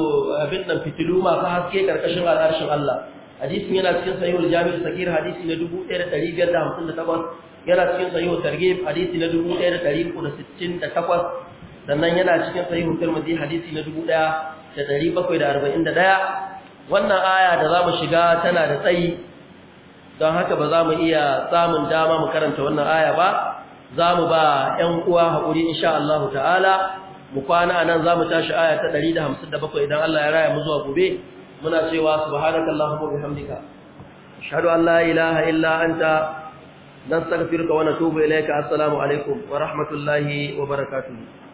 abin nan fitilu fa haske karkashin al'arshin Allah hadisin yana cikin sahihul jami' sakir hadisi na 1558 yana cikin sahihul targhib hadisi na 1368 sannan yana cikin sahihu tirmidhi hadisi na 1741 wannan aya da zamu shiga tana da tsayi don haka ba za mu iya samun dama mu karanta wannan aya ba za mu ba 'yan uwa haƙuri insha Allah ta'ala mu kwana nan za mu tashi aya ta 157 idan Allah ya raya mu zuwa gobe muna cewa subhanakallahumma wa bihamdika ashhadu an la ilaha illa anta نستغفرك ونتوب إليك السلام عليكم ورحمة الله وبركاته